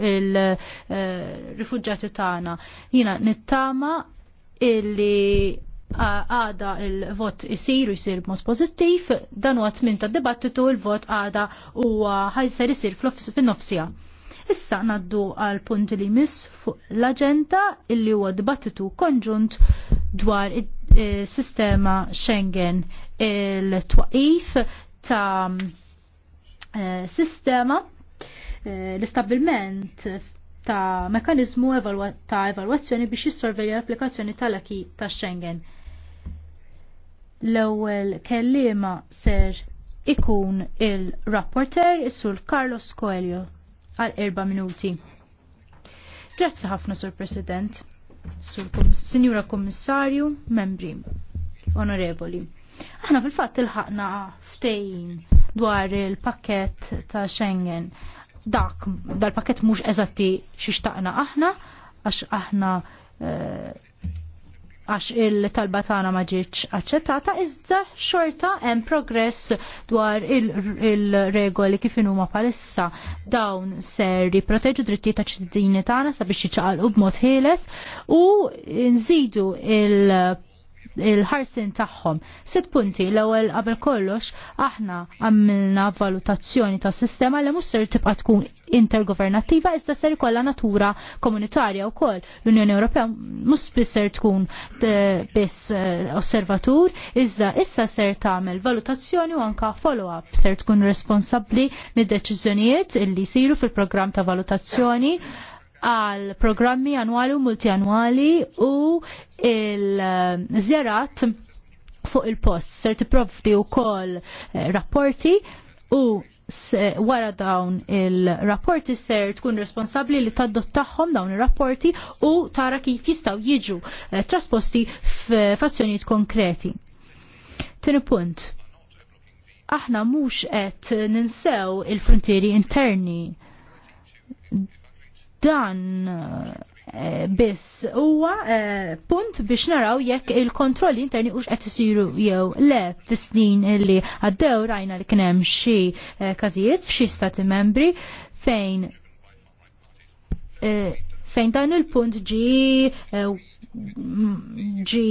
il-rifugġati tagħna. Jiena nittama illi għada il-vot jisir u jisir mod pozittiv, dan huwa tmin ta' dibattitu il-vot għada u ħajser isir fin-nofsija. Issa naddu għal punt li mis fuq l-agenda illi huwa dibattitu konġunt dwar eh, sistema Schengen il-twaqif ta' eh, sistema Eh, l-istabilment ta' mekanizmu ta' evalwazzjoni biex jissorvelja l-applikazzjoni tal-aki ta' Schengen. L-ewwel kellima ser ikun il-rapporter is-sur Carlos Coelho għal erba' minuti. Grazzi ħafna, Sur President, Sur Signora Kommissarju, membri, onorevoli. Aħna fil-fatt ilħaqna ftejn dwar il-pakket ta' Schengen dak dal paket mhux eżatti xi xtaqna aħna għax aħna eh, għax il-talba tagħna ma ġietx aċċettata iżda xorta hemm progress dwar il-regoli il kif huma bħalissa dawn ser jipproteġu drittijiet ta' ċittadini tagħna sabiex jiċċaqalqu b'mod ħieles u nżidu il- il-ħarsin tagħhom. Sitt punti l-ewwel qabel kollox aħna għamilna valutazzjoni ta' sistema li mhux tibqa' tkun intergovernattiva iżda ser ikollha natura komunitarja wkoll. L-Unjoni Ewropea mhux biss ser tkun eh, biss eh, osservatur, iżda issa ser tagħmel valutazzjoni u anka follow-up ser tkun responsabbli mid-deċiżjonijiet illi jsiru fil-programm ta' valutazzjoni għal programmi annwali u multianwali u il żerat fuq il-post. Ser tipprovdi u kol eh, rapporti u wara dawn il-rapporti ser tkun responsabli li taddot taħħom dawn il-rapporti u tara kif jistaw jiġu eh, trasposti f'azzjonijiet konkreti. Tini punt. Aħna mhux qed ninsew il-frontieri interni dan eh, biss huwa eh, punt biex naraw jekk il-kontrolli interni ux qed isiru jew le fis-snin li għaddew rajna li kien hemm xi eh, każijiet f'xi stati membri fejn fejn dan il-punt ġi ġi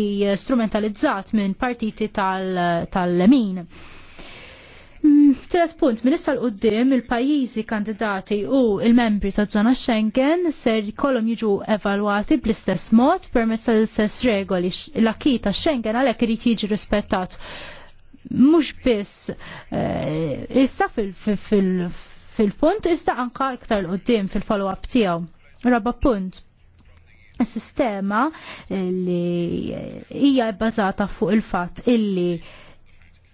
strumentalizzat minn partiti tal-lemin. Tal Mm, Tres punt, minissa l-qoddim il-pajizi kandidati u il-membri ta' zona Schengen ser kolom jiġu evalwati bl-istess mod permezz tal-istess regoli. L-akki ta' Schengen għalek irid jiġi rispettat. Mux biss, eh, issa fil-punt, issa anka iktar l-qoddim fil-follow-up tijaw. Rabba punt, sistema eh, li hija bbażata fuq il-fatt illi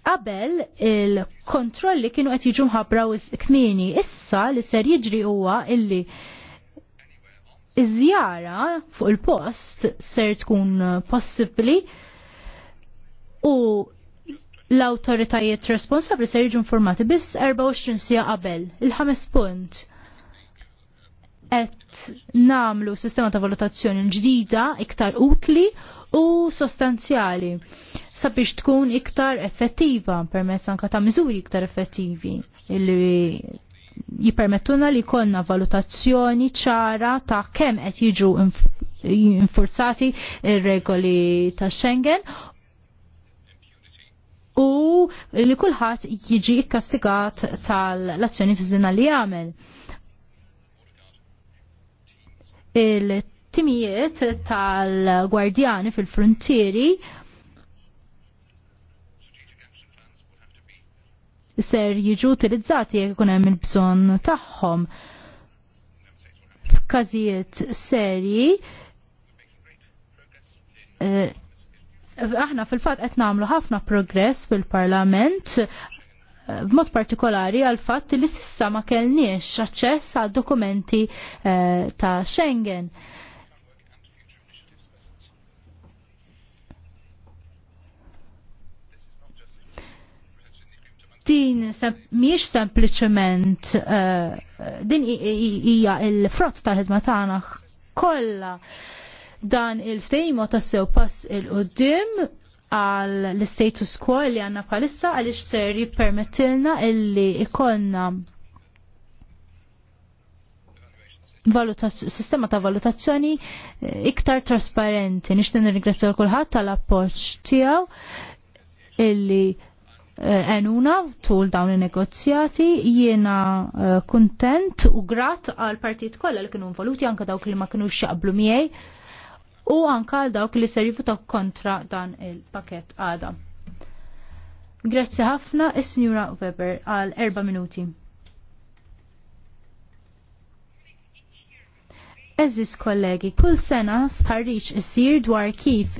Qabel il-kontrolli kienu qed jiġu mħabbra kmini, issa li ser jiġri huwa illi iż-żjara fuq il-post ser tkun possibbli u l-autoritajiet responsabli ser jiġu informati biss 24 sija qabel. Il-ħames punt qed namlu sistema ta' valutazzjoni ġdida iktar utli u sostanzjali sabiex tkun iktar effettiva permezz anka ta' miżuri iktar effettivi illi jipermettuna li konna valutazzjoni ċara ta' kemm qed jiġu infurzati ir-regoli ta' Schengen u li kulħadd jiġi kkastigat tal-azzjoni tiżina li jagħmel. Il-timijiet tal-gwardjani fil-frontieri ser jiġu utilizzati jekk ikun hemm il-bżonn tagħhom. F'każijiet serji eh, aħna fil-fatt qed nagħmlu ħafna progress fil-Parlament eh, b'mod partikolari għal fatt li sissa ma kellniex aċċess għad dokumenti eh, ta' Schengen. din miex sempliciment uh, din hija il-frott tal-ħidma tagħna kollha dan il-ftejmo tassew pass il-qoddim għal l-status quo li għanna palissa għalix ser jippermettilna illi ikonna sistema ta' valutazzjoni eh, iktar trasparenti. Nishtin ringrazzja kulħadd tal-appoġġ tiegħu illi Eh, enuna tul dawn il-negozjati jiena eh, kontent u grat għal partit kollha li kienu involuti anka dawk li ma kienu xaqblu miegħi u anka għal dawk li ser jivutaw kontra dan il-pakett għada. Grazzi ħafna is-Sinjura Weber għal erba' minuti. Eżis kollegi, kull sena starriċ isir dwar kif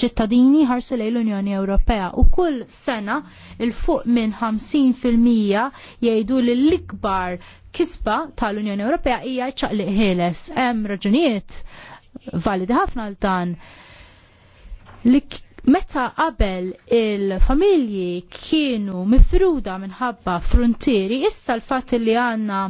ċittadini ħarsu lejn l-Unjoni Ewropea u kull sena il-fuq minn 50% jgħidu li l-ikbar kisba tal-Unjoni Ewropea hija ċaqliq ħieles. Hemm raġunijiet validi ħafna għal dan. Meta qabel il-familji kienu mifruda minħabba frontieri, issa l fat li għanna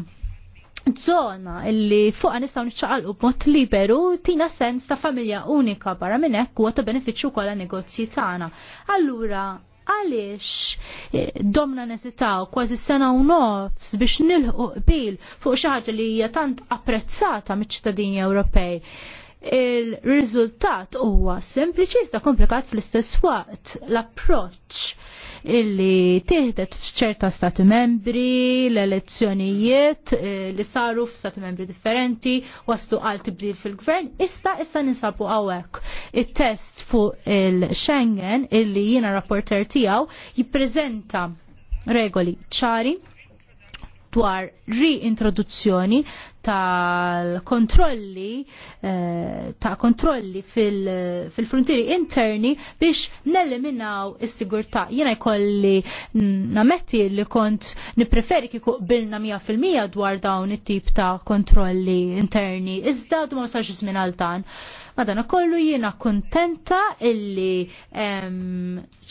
zona illi fuqa nistaw u b'mod liberu tina sens ta' familja unika barra minn hekk huwa ta' benefiċċju kollha negozji tagħna. Allura għalix eh, domna nesitaw kważi sena u nofs biex nilħu qbil fuq xi ħaġa li hija tant apprezzata miċ-ċittadini Ewropej il-riżultat huwa sempliċi jista' komplikat fl-istess waqt l-approċċ illi tieħdet f'ċerta stati membri l-elezzjonijiet eh, li saru f'stati membri differenti waslu għal tibdil fil-gvern issa issa ninsabu għawek. Il-test fuq il-Schengen illi jiena rapporter tiegħu jippreżenta regoli ċari dwar reintroduzzjoni tal-kontrolli eh, ta' kontrolli fil-frontieri fil interni biex neliminaw is-sigurtà. Jiena jkolli nametti li kont nippreferi kieku qbilna 100% dwar dawn it-tip ta' kontrolli interni. Iżda du ma sarx żmien għal dan. Madana kollu jiena kontenta illi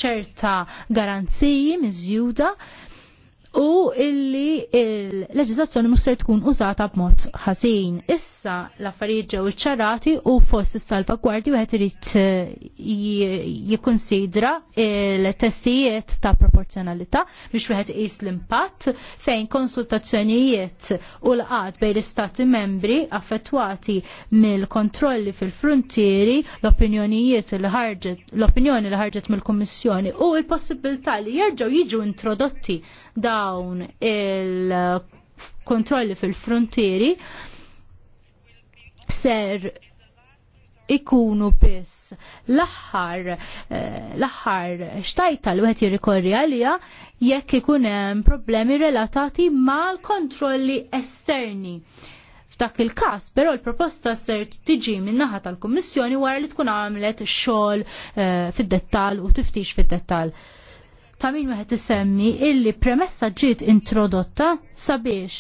ċerta garanziji miżjuda u illi il-leġizazzjoni mhux se tkun użata b'mod ħażin. Issa l-affarijiet ġew iċċarati u fost is-salvagwardji wieħed irid eh, jikkunsidra il-testijiet ta' proporzjonalità biex wieħed qis l-impatt fejn konsultazzjonijiet u l-qad bejn l-istati membri affettwati mill-kontrolli fil-frontieri, l-opinjonijiet l ħarġet l-opinjoni li ħarġet mill-Kummissjoni u l-possibilità li jerġgħu jiġu introdotti dawn il-kontrolli fil-frontieri ser ikunu biss l-aħħar eh, l-aħħar xtajta l wieħed jirrikorri għalija jekk ikun hemm problemi relatati mal-kontrolli esterni. F'dak il-każ, però l-proposta ser tiġi min-naħa tal-Kummissjoni wara li tkun għamlet xogħol eh, fid-dettall u tiftix fid-dettall ta' min wieħed isemmi illi premessa ġiet introdotta sabiex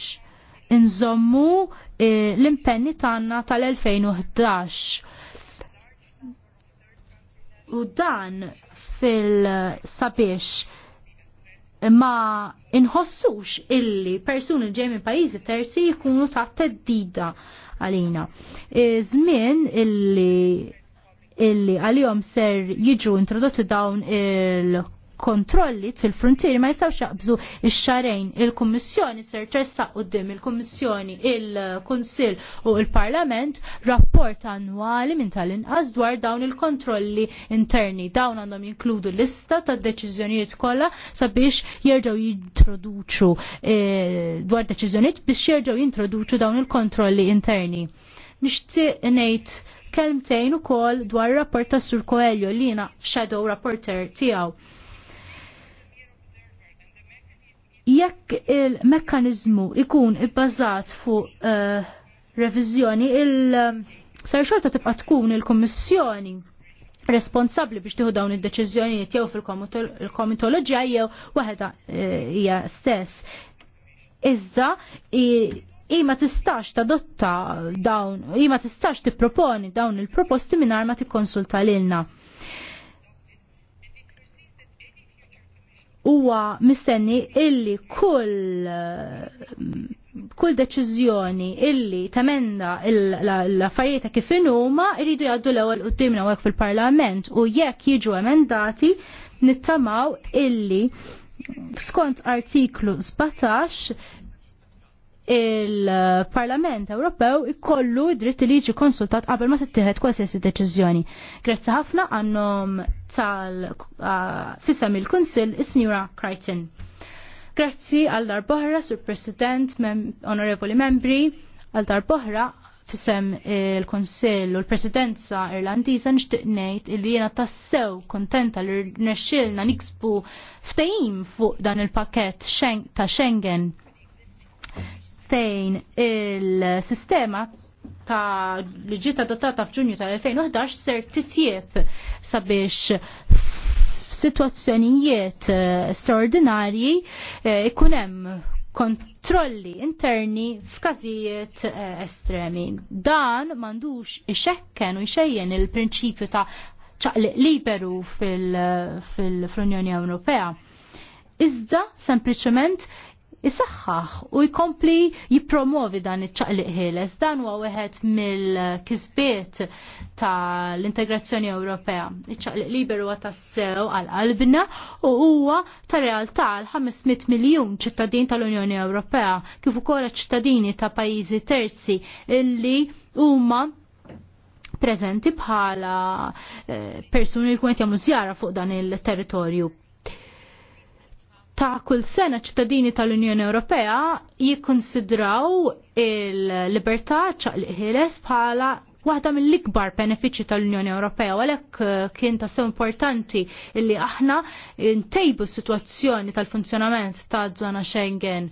inżommu eh, l-impenni tagħna tal-2011. U dan fil-sabiex ma inħossux illi persuni ġej minn pajjiżi terzi jkunu ta' teddida għalina. Eh, żmien illi illi għalihom ser jiġu introdotti dawn il kontrolli fil-frontieri ma jistawx jaqbżu ix-xarejn il-Kummissjoni ser tressaq qudiem il-Kummissjoni il-Kunsill u il-Parlament rapport annwali minn tal-inqas dwar dawn il-kontrolli interni. Dawn għandhom jinkludu lista ta' deċiżjonijiet kollha sabiex jerġgħu jintroduċu e, dwar deċiżjonijiet biex jerġgħu jintroduċu dawn il-kontrolli interni. Nixtieq ngħid kelmtejn ukoll dwar rapport ta' Sur Koeljo li jiena shadow rapporter tiegħu Jekk il-mekkanizmu ikun ibbażat fuq eh, revizjoni, il-sar eh, xorta tibqa' tkun il-Kommissjoni responsabli biex tieħu dawn id-deċiżjonijiet jew fil-komitoloġija jew waħda eh, hija stess. Iżda ima tistax tadotta dawn, ma tistax tipproponi dawn il-proposti minn ma tikkonsulta lilna. huwa mistenni illi kull kull deċiżjoni illi tamenda l-affarijiet ta' kif huma jridu jgħaddu l-ewwel quddiem hekk fil-Parlament u jekk jiġu emendati nittamaw illi skont artiklu 17 il-Parlament Ewropew ikollu dritt li jiġi konsultat qabel ma tittieħed qualsiasi deċiżjoni. Grazzi ħafna għannom tal fisem il-Kunsill is-Sinjura Crichton. Grazzi għal darbohra sur President, onorevoli membri, għal darbohra fisem il kunsill u l-Presidenza Irlandiża nixtieq ngħid illi jiena tassew kontenta li rnexxilna niksbu ftehim fuq dan il-pakett ta' Schengen fejn il-sistema ta' li ġiet adottata f'Ġunju tal-2011 ser titjieb sabiex f'sitwazzjonijiet eh, straordinarji eh, ikun hemm kontrolli interni f'każijiet eh, estremi. Dan m'għandux ixekken u ixejjen il-prinċipju ta' ċaqliq liberu fil-Unjoni Ewropea. Iżda sempliċement jisaxħax u jkompli jipromovi dan iċċaqliq ħieles. Dan huwa wieħed mill-kisbiet tal-integrazzjoni Ewropea. Iċċaqliq liberu huwa tassew għal-qalbna u huwa ta' realtà għal 500 miljun ċittadin tal-Unjoni Ewropea kif ukoll ċittadini ta' pajjiżi terzi illi huma prezenti bħala eh, persuni li kunet jamu zjara fuq dan il-territorju ta' kull sena ċittadini tal-Unjoni Ewropea jikkonsidraw il-libertà ċaqliħeles bħala waħda mill-ikbar benefiċċji tal-Unjoni Ewropea, għalhekk eh, kien ta' sew importanti illi aħna ntejbu s-sitwazzjoni tal-funzjonament ta' żona Schengen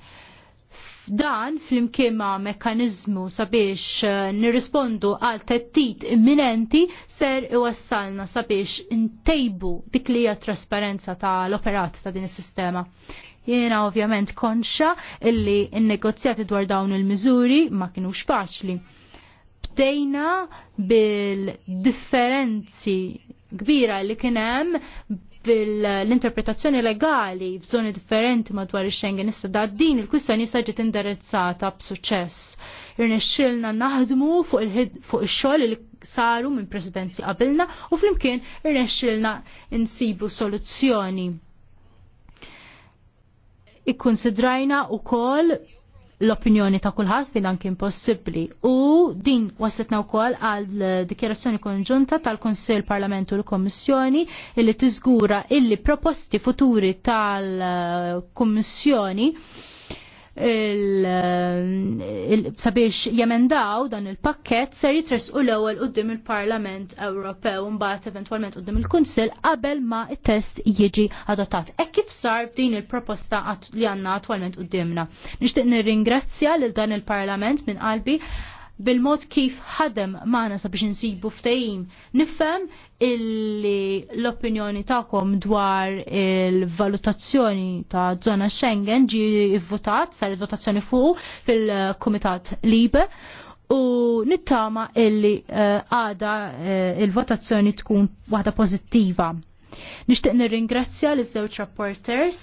Dan fl-imkien ma' mekkanizmu sabiex eh, nirrispondu għal tettit imminenti ser iwassalna sabiex ntejbu dik li hija trasparenza tal-operat ta' din is-sistema. Jiena ovvjament konxa illi n-negozjati dwar dawn il-miżuri ma kinux faċli. Bdejna bil-differenzi kbira li kienem fil-interpretazzjoni legali f'żoni differenti madwar ix-Schengen issa din il-kwistjoni issa ġiet indirizzata b'suċċess. Irnexxilna naħdmu fuq ix-xogħol li saru minn presidenzi qabilna u flimkien irnexxilna insibu soluzzjoni. Ikkonsidrajna wkoll l-opinjoni ta' kulħadd fil kien possibbli. U din wasetna wkoll għal dikjerazzjoni konġunta tal-Konsil Parlamentu l kommissjoni illi tiżgura illi proposti futuri tal-Kummissjoni sabiex jemendaw dan il-pakket ser jitresqu l-ewwel quddiem il-Parlament Ewropew mbagħad eventwalment quddiem il-Kunsill qabel ma t-test jiġi adottat. Hekk kif sar din il-proposta li għandna attwalment quddiemna. Nixtieq nirringrazzja lil dan il-Parlament minn qalbi bil-mod kif ħadem maħna sabiex nsibu ftejim. Nifhem illi l-opinjoni ta'kom dwar il-valutazzjoni ta' zona Schengen ġi votat, saret votazzjoni fuq fil-Komitat Libe u nittama illi eh, għada eh, il-votazzjoni tkun waħda pozittiva. Nishtiq nirringrazzja l-żewġ rapporters,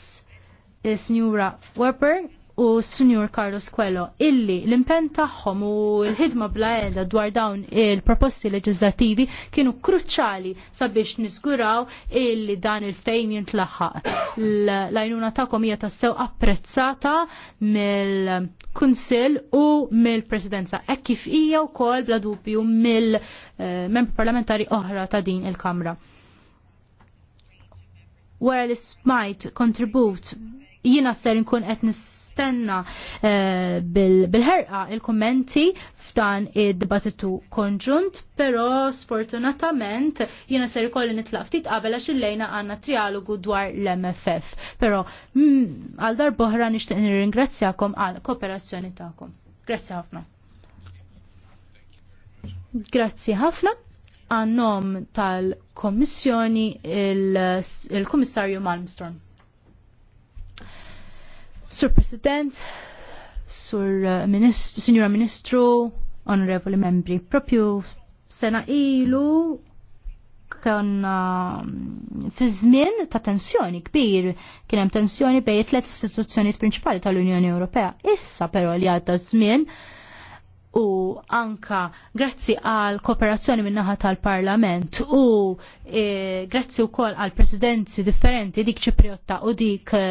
eh, Signora Weber u Sunjur Carlos Quello illi l-impen tagħhom u l-ħidma bla edha dwar dawn il-proposti leġizlativi kienu kruċali sabiex nisguraw illi dan il fejm jintlaħħaq. L-għajnuna taħkom hija tassew apprezzata mill-Kunsill u mill-Presidenza hekk kif hija wkoll bla dubju mill-membri parlamentari oħra ta' din il-Kamra. Wara li smajt kontribut jiena ser nkun qed nistenna eh, bil ħerqa il kommenti f'dan id-dibattitu konġunt, pero sfortunatament jiena ser ikolli nitlaq ftit qabel għax il-lejna għandna trialogu dwar l-MFF. Pero mm, għal darboħra nixtieq nirringrazzjakom għal kooperazzjoni tagħkom. Grazzi ħafna. Grazzi ħafna għannom tal komissjoni il komissarju Malmström. Malmstrom. Sur President, Sur uh, Ministru, Signora Ministru, Onorevoli Membri, propju sena ilu kan um, fi żmien ta' tensjoni kbir kien hemm tensjoni bejn tliet istituzzjonijiet prinċipali tal-Unjoni Ewropea. Issa però li għadda żmien u anka grazzi għal kooperazzjoni minnaħa tal-Parlament u e, grazzi u kol għal presidenzi differenti dik ċipriotta u dik e,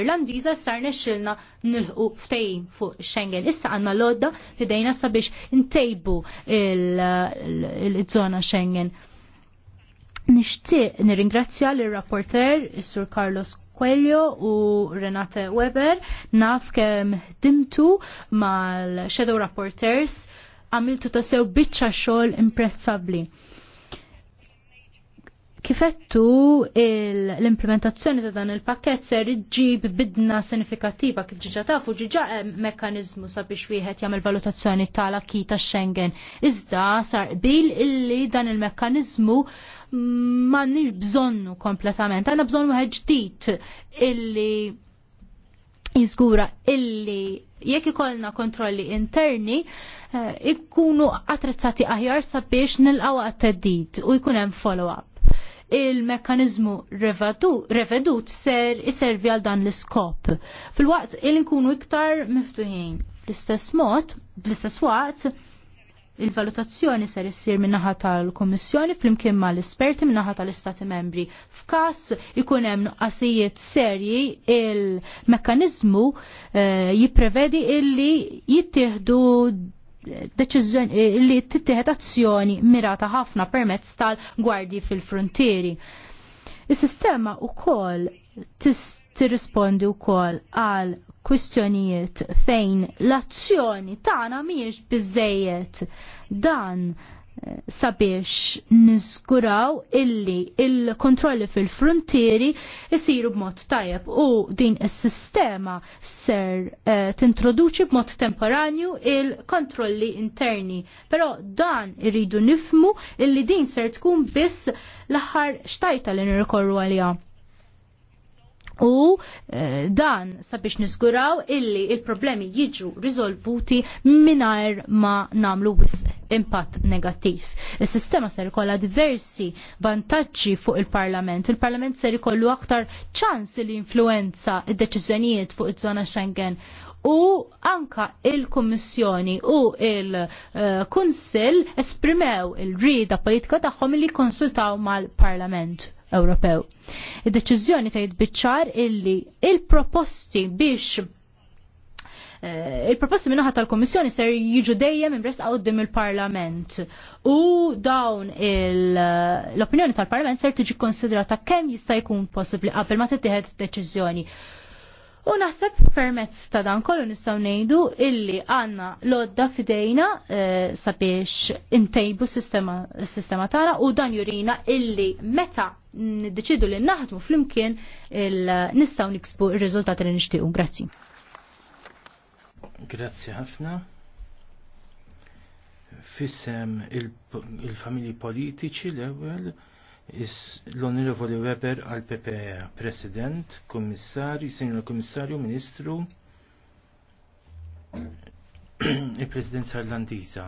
Irlandiza sar nexilna nilħu ftejn fuq Schengen. Issa għanna l-odda li dejna sabiex intejbu il-zona Schengen. Nishtiq nirringrazzja l-rapporter, Sur Carlos Quello u Renate Weber naf kem dimtu mal-Shadow Rapporters għamiltu tassew bitċa xol imprezzabli. Kifettu l-implementazzjoni ta' dan il-pakket ser ġib bidna sinifikattiva kif ġiġa tafu ġiġa mekanizmu mekkaniżmu sabiex wieħed jagħmel valutazzjoni tal-akki ta' Schengen. Iżda sar qbil illi dan il-mekkaniżmu il mekanizmu il mekkaniżmu m'għandniex bżonnu kompletament, għandna bżonnu wieħed ġdid illi jizgura illi jekk ikollna kontrolli interni eh, ikkunu attrezzati aħjar sabiex nilqaw għat-teddid u jkun hemm follow-up. Il-mekkanizmu revedut ser iservi għal dan l-iskop. Fil-waqt il-nkunu iktar miftuħin. Bl-istess mod, bl-istess waqt, Il-valutazzjoni ser issir minnaħa tal-Kommissjoni flimkien ma l-esperti minnaħa tal-Istati membri. F'każ ikun hemm nuqqasijiet serji il-mekkaniżmu eh, jipprevedi illi jittieħdu deċiżjoni illi tittieħed azzjoni mirata ħafna permezz tal-gwardji fil-frontieri. Is-sistema wkoll tista' tirrispondi wkoll għal kwistjonijiet fejn l-azzjoni tagħna mhijiex biżejjed dan eh, sabiex niskuraw illi il-kontrolli fil-frontieri jisiru b'mod tajjeb u din is-sistema ser eh, tintroduċi b'mod temporanju il-kontrolli interni. Però dan irridu nifmu illi din ser tkun biss l-aħħar xtajta li nirkorru għalija. U eh, dan sabiex nisguraw illi il-problemi jiġu rizolvuti minar ma namlu wis impatt negattiv. Il-sistema ser kolla diversi vantaġġi fuq il-Parlament. Il-Parlament ser ikollu aktar ċans li influenza id-deċiżjonijiet fuq il żona Schengen u anka il-Kommissjoni u il-Kunsil esprimew il-rida politika tagħhom li konsultaw mal-Parlament Ewropew. Id-deċiżjoni tgħid jitbicċar illi il-proposti biex eh, il-proposti minnaħa tal-Komissjoni ser jiġu dejjem imbress għoddim il-Parlament. U dawn l-opinjoni tal-Parlament ser tiġi konsiderata kemm jista' jkun possibbli qabel ma tittieħed deċiżjoni. U naħseb permezz ta' dan kollu nistgħu ngħidu illi għandna lodda fidejna eh, sabiex intejbu s-sistema tagħna u dan jurina illi meta niddeċidu li naħdmu flimkien nistgħu niksbu r-riżultati li nixtiequ. Grazzi. Grazzi ħafna. Fissem il-familji politiċi l-ewwel l-Onorevoli Weber għal PPA, e. President, Kommissarju, Sinjor Kommissarju, Ministru, il-Presidenza Irlandiża.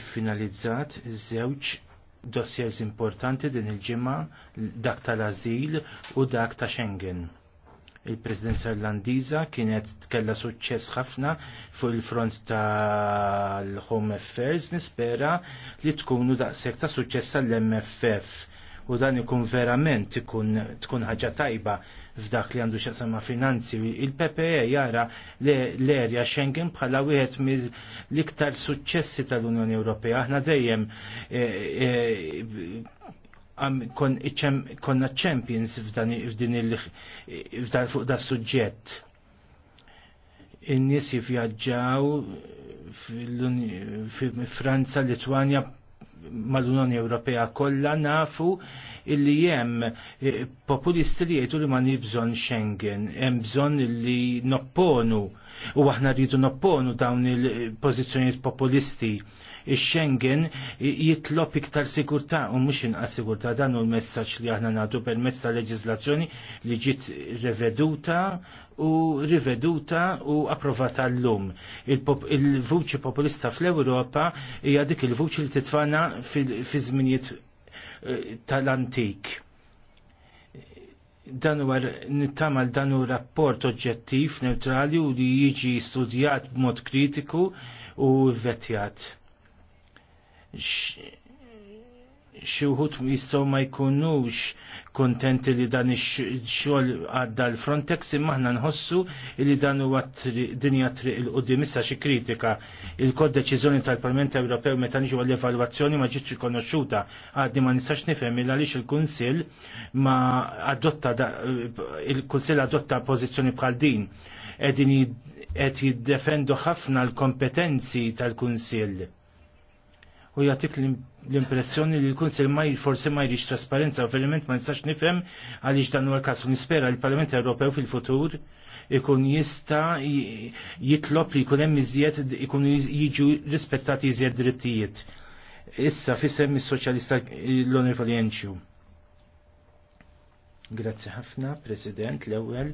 Iffinalizzat żewġ dossiers importanti din il ġimma dak tal-azil u dak ta' Schengen il-Presidenza Irlandiża kienet tkella suċċess ħafna fuq il-front tal-Home Affairs nispera li tkunu daqshekk ta' suċċess għall-MFF u dan ikun verament ikun tkun ħaġa tajba f'dak li għandu x'asama finanzi. Il-PPE jara l-erja Schengen bħala wieħed mill-iktar suċċessi tal-Unjoni Ewropea. Aħna dejjem eh, eh, konna champions f'din il-fdan fuq da suġġett. In-nies jivvjaġġaw fil-Franza, Litwanja, mal-Unjoni Ewropea kollha nafu illi hemm eh, populisti li jgħidu li ma bżonn Schengen, hemm bżonn li nopponu u aħna rridu nopponu dawn il-pożizzjonijiet eh, populisti Ix-Schengen jitlob iktar sikurtà u mhux inqas sigurtà dan u l-messaġġ li aħna nagħtu permezz ta' leġiżlazzjoni li ġiet riveduta u riveduta u approvata llum. Il-vuċi -pop, il populista fl-Ewropa hija dik il-vuċi li titfana fi żminijiet eh, tal-antik dan war nittamal dan u rapport oġġettiv, neutrali u li jiġi studjat b'mod kritiku u vvettjat xiuħut jistaw ma jkunux kontenti li dan ix-xogħol għadda l-Frontex imma aħna nħossu li dan huwa dinja triq il qoddim issa xi kritika il-kod deċizjoni tal-Parlament Ewropew meta niġu għall evalwazzjoni ma ġietx rikonoxxuta għaddi ma nistax nifhem il għaliex il-Kunsill ma adotta il-Kunsill adotta pożizzjoni bħal din qed jiddefendu ħafna l-kompetenzi tal-Kunsill u jagħtik l-impressjoni li l-Kunsil ma forsi ma jrix trasparenza, verament ma nistax nifhem għaliex dan għal kasu nispera l-Parlament Ewropew fil-futur ikun jista jitlob li jkun hemm iżjed ikun jiġu rispettati iżjed drittijiet. Issa fissem il soċjalista l-Onorevoli Enċu. Grazzi ħafna, President, l-ewwel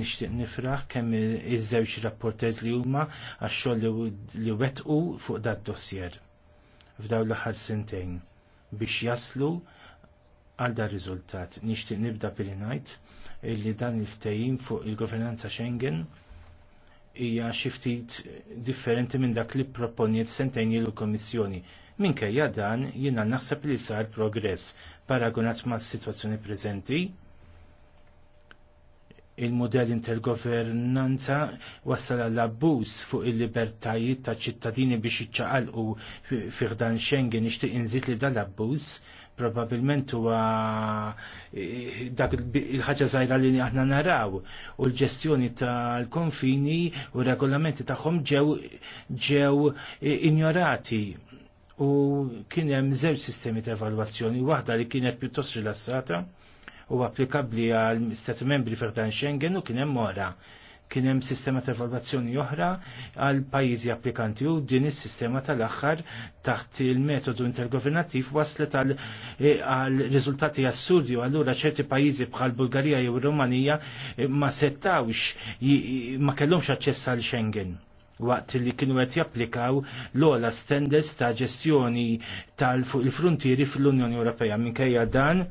nishtiq nifraħ kemm iż-żewġ rapporters li huma għax-xogħol li wettqu fuq dat dossier f'daw l-aħħar sentejn biex jaslu għal dar riżultat. Nixtieq nibda billi ngħid illi dan il-ftehim fuq il-governanza Schengen hija xi ftit differenti minn dak li proponiet sentejn il kommissjoni Minkejja dan jiena naħseb li sar progress paragonat ma' situazzjoni preżenti il-modell intergovernanza wassal għall-abbuż fuq il-libertajiet ta' ċittadini biex iċċaqalqu fiħdan Schengen ixtieq inżid li dal-abbuż probabilment huwa eh, dak il-ħaġa żgħira li aħna naraw u l-ġestjoni tal-konfini u regolamenti tagħhom ġew ġew eh, injorati u kien hemm żewġ sistemi ta' evalwazzjoni waħda li kienet pjuttost rilassata u applikabli għal stat membri ferdan Schengen u kien hemm ora. Kien hemm sistema ta' evalwazzjoni oħra għal pajjiżi applikanti u din is-sistema tal-aħħar taħt il-metodu intergovernattiv waslet e, għal riżultati assurdi u allura ċerti pajjiżi bħal Bulgarija jew Rumanija e, ma settawx ma kellhomx aċċess għal Schengen waqt li kienu qed japplikaw l-ola standards ta' ġestjoni tal-frontieri fl-Unjoni Ewropea. Minkejja dan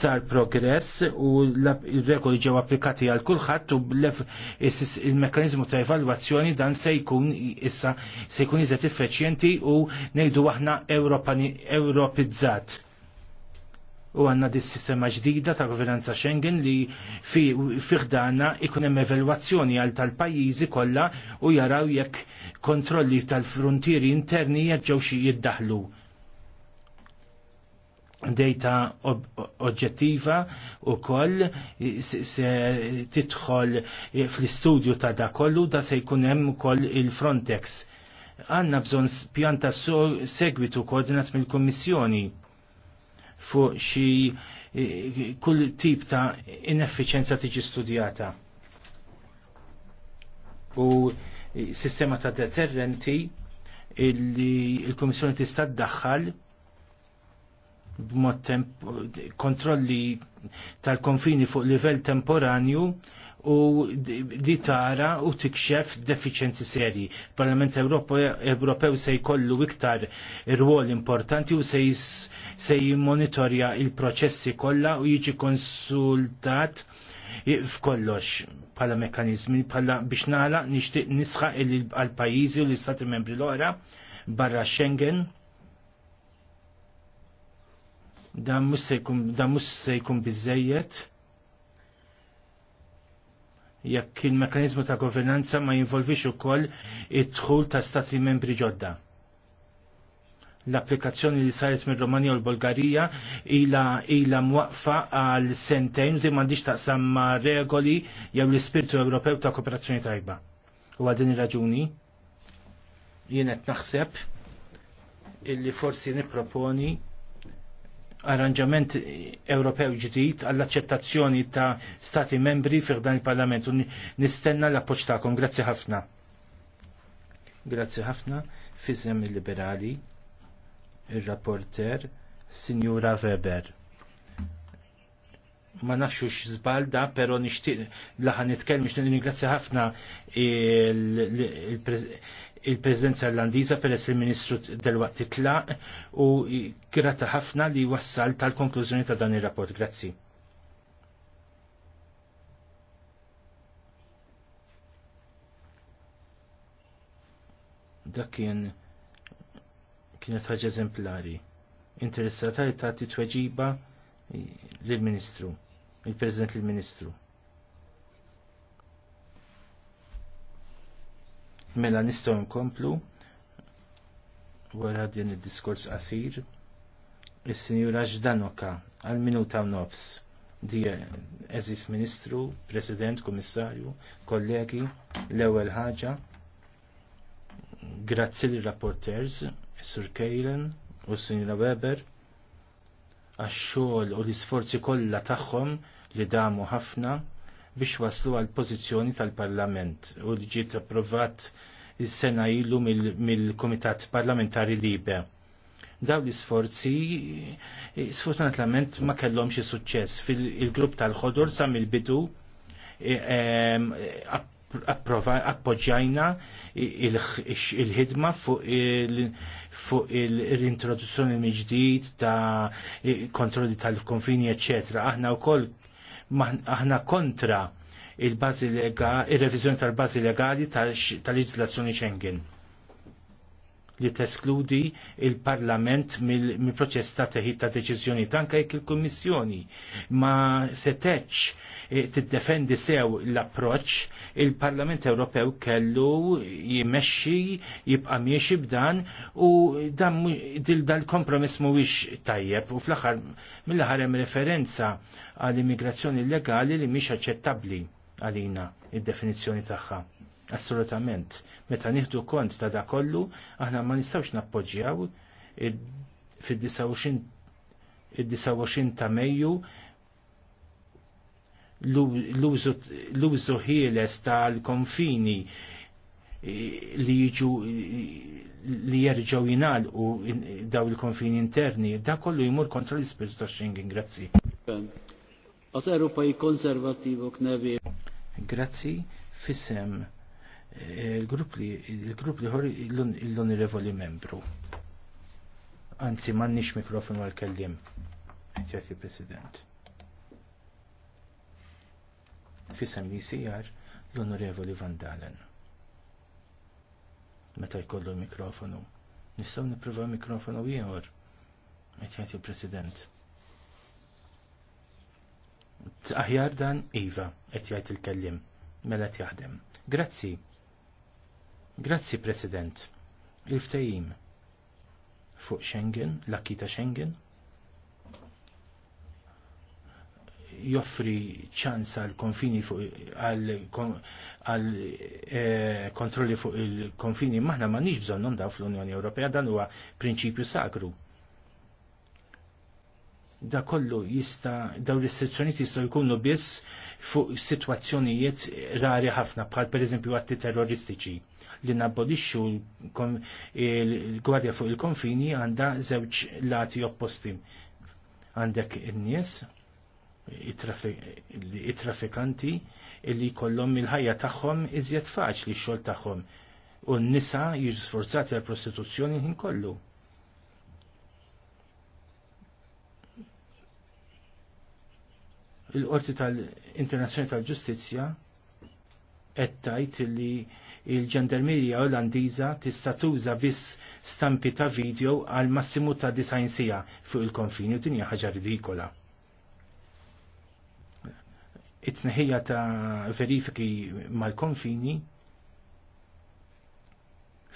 sar progress u l-rekord ġew applikati għal kulħadd u il-mekkaniżmu ta' evalwazzjoni dan se jkun issa se jkun iżet effiċjenti u ngħidu aħna Europizzat u għanna dis sistema ġdida ta' governanza Schengen li fi fiħdana ikun hemm evalwazzjoni għal tal-pajjiżi kollha u jaraw jekk kontrolli tal-frontieri interni jerġgħu xi jiddaħlu data oġġettiva u koll se titħol fl-istudju ta' da kollu da se jkun hemm ukoll il-Frontex. Għanna bżon pjanta segwitu koordinat mill-Kommissjoni fuq xi e, kull tip ta' ineffiċenza tiġi studjata. U sistema ta' deterrenti illi il-Komissjoni tista' ddaħħal b'mod kontrolli tal-konfini fuq livell temporanju u li tara u tikxef deficienzi seri. Parlament Ewropew se jkollu iktar rwol importanti u se jmonitorja il-proċessi kollha u jiġi konsultat f'kollox bħala mekanizmi bħala biex nala nixtieq nisħa għal pajjiżi u l-istati membri l-ora barra Schengen dan mhux se jkun biżejjed jekk il-mekanizmu ta' governanza ma jinvolvix ukoll id-dħul ta' stati membri ġodda. L-applikazzjoni li saret mir romania u l-Bulgarija ila, ila mwaqfa għal sentejn li m'għandix ta' samma regoli jew l-ispirtu Ewropew ta' kooperazzjoni tajba. U għadin ir-raġuni jien qed naħseb illi forsi nipproponi arranġament Ewropew ġdid għall-aċċettazzjoni ta' stati membri fih dan il-Parlament u nistenna l-appoġġ tagħkom. Grazzi ħafna. Grazzi ħafna fiżem il-liberali ir-rapporter Sinjura Weber. Ma nafx hux żbalda, però nixtieq laħa nitkellem nixtieq ħafna il-President il-Presidenza Irlandiża peress li l-Ministru delwaqt titlaq u grata ħafna li wassal tal-konklużjoni ta' dan ir-rapport. Grazzi. Dak kien kienet ħaġa eżemplari. Interessata li tagħti tweġiba lill-Ministru, il-President lill-Ministru. Mela nistgħu nkomplu wara din id-diskors qasir is-Sinjura Ġdanoka għal minuta nofs di eżis Ministru, President, Kummissarju, kollegi, l-ewwel ħaġa. Grazzi li rapporters, Sur Kejlen u Sinjura Weber għax-xogħol u l-isforzi kollha tagħhom li damu ħafna biex waslu għal pożizzjoni tal-Parlament u li ġiet approvat is-sena ilu mill-Kumitat mil Parlamentari Libe. Daw l-isforzi sfortunatament ma kellhomx suċċess fil-grupp tal-ħodor sa mill-bidu e, appoġġajna il-ħidma fuq il-introduzzjoni il ġdid ta' kontrolli tal-konfini, eccetera. Aħna wkoll aħna kontra il-bazi il-revizjoni tal-bazi legali tal-leġislazzjoni Schengen li teskludi il-Parlament mill-proċess ta' teħid ta' deċiżjoni tanka jekk il-Kummissjoni ma seteċ eh, tiddefendi sew l-approċ il-Parlament Ewropew kellu jimexxi jibqa' miexi b'dan u dan dal-kompromiss mhuwiex tajjeb u fl-aħħar mill-aħħar hemm referenza għall-immigrazzjoni illegali li mhix aċċettabbli għalina id-definizzjoni tagħha assolutament. Meta nieħdu kont ta' da kollu, aħna ma nistawx nappoġġjaw id-29 ta' Mejju l-użu ħieles tal-konfini li jiġu li jerġaw u daw il-konfini interni, da kollu jmur kontra l-ispirtu ta' Schengen, grazzi. Għas knevi. Grazzi, fissem il-grupp li l-onorevoli membru. Anzi, mannix mikrofonu għal-kellim. Għetjati, President. Fisem li sijar l-onorevoli Van Dalen. Meta jkollu mikrofonu. Nistaw niprofa mikrofonu jieħor. Għetjati, President. Aħjar dan Iva, jgħid il-kellim. Mela jaħdem. Grazzi. Grazzi, President. il ftajim fuq Schengen, l akita Schengen, joffri ċans għal konfini fuq għal eh, kontrolli fuq il-konfini maħna ma nix non daw fl-Unjoni Ewropea dan huwa prinċipju sakru. Da kollu jista daw restrizzjoniet jistgħu jkunu biss fuq sitwazzjonijiet rari ħafna bħal pereżempju atti terroristiċi li nabbolixxu l-gwardja fuq il-konfini għandha żewġ lati opposti. Għandek in-nies it-traffikanti li kollhom il-ħajja tagħhom iżjed faċli x-xogħol tagħhom u n-nisa sforzati għal prostituzzjoni ħin kollu. Il-Qorti tal-Internazzjoni tal-Ġustizzja qed tgħid li il-ġendarmerija Olandiża tista' tuża biss stampi ta' video għal massimu ta' disajn sija fuq il-konfini u dinja ħaġa ridikola. It-tneħija ta' verifiki mal-konfini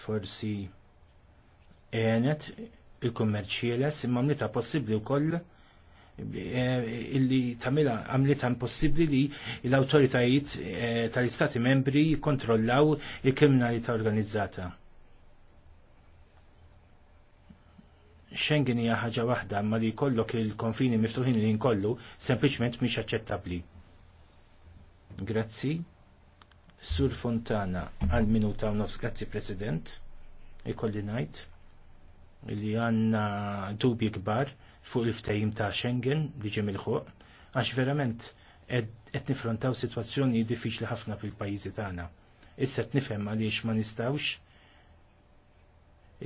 forsi għenet il-kommerċieles imma mnita possibli u koll illi tamila għamlita impossibli li l-autoritajiet eh, tal-istati membri kontrollaw il-kriminalità organizzata. Schengen hija ħaġa waħda ma li jkollok il-konfini miftuħin li nkollu sempliċement mhix aċċettabbli. Grazzi. Sur Fontana għal minuta u nofs, grazzi President, ikolli ngħid li għanna dubi kbar fuq il-ftajim ta' Schengen li ġem il-ħuq, għax verament qed nifrontaw situazzjoni diffiċli ħafna fil-pajjiżi tagħna. Issa nifhem għaliex ma nistawx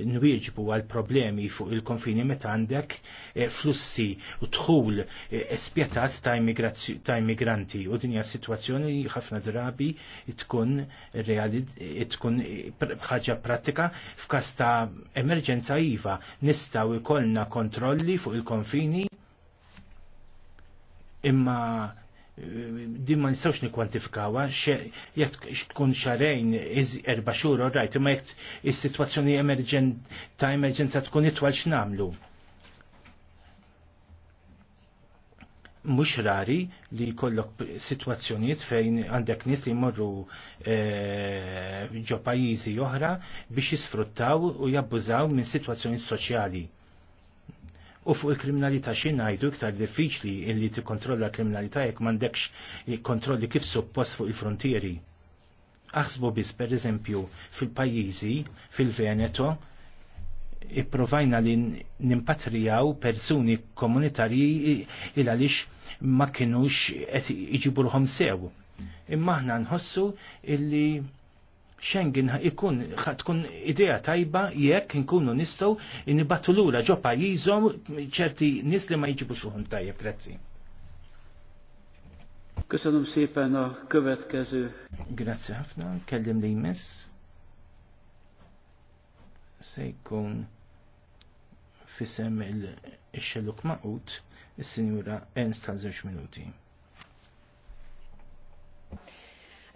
nwieġbu għal problemi fuq il-konfini meta għandek eh, flussi u tħul eh, espjetat ta' immigranti u dinja situazzjoni ħafna drabi tkun eh, tkun ħaġa pratika f'każ ta' emerġenza iva nistgħu ikollna kontrolli fuq il-konfini imma din ma nistawx nikwantifikawa, jek tkun xarejn iż erba xhur rajt, imma jek is-sitwazzjoni ta' emerġenza tkun itwal x'namlu. Mhux rari li jkollok sitwazzjonijiet fejn għandek nies li jmorru e, ġo pajjiżi oħra biex jisfruttaw u jabbużaw minn sitwazzjonijiet soċjali U fuq il-kriminalità xinajdu iktar diffiċli illi tikkontrolla l-kriminalità jekk m'għandekx kontrolli kif suppost fuq il-frontieri. Aħsbu biss per eżempju fil-pajjiżi, fil-Veneto, ipprovajna li nimpatrijaw persuni komunitarji il għaliex ma kienux qed iġiburhom sew. Imma aħna nħossu illi Schengen ikun tkun idea tajba jekk nkunu nistgħu nibatu lura ġo pajjiżhom ċerti nis li ma jiġibu xuhom tajjeb, grazzi. Köszönöm szépen a következő. Grazie ħafna, kellim li jmiss. Se jkun fisem il-xelluk maqut, il senjura Ernst ta' minuti.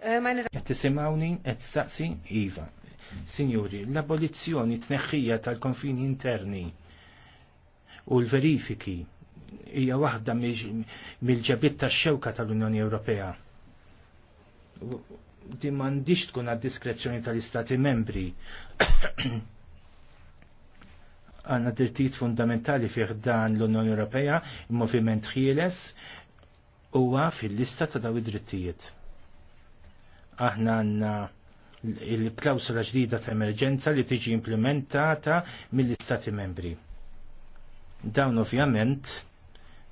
Qed isimawni qed saqsi iva. Signori, l-abolizzjoni tneħħija tal-konfini interni u l-verifiki hija waħda mill-ġabit tax-xewka tal-Unjoni Ewropea. Din m'għandix tkun għad-diskrezzjoni tal-Istati membri. Għanna drittijiet fundamentali fih dan l-Unjoni Ewropea, il-moviment ħieles huwa fil-lista ta' daw id-drittijiet aħna għanna il klausula ġdida ta' emerġenza li tiġi implementata mill-Istati membri. Dawn ovvjament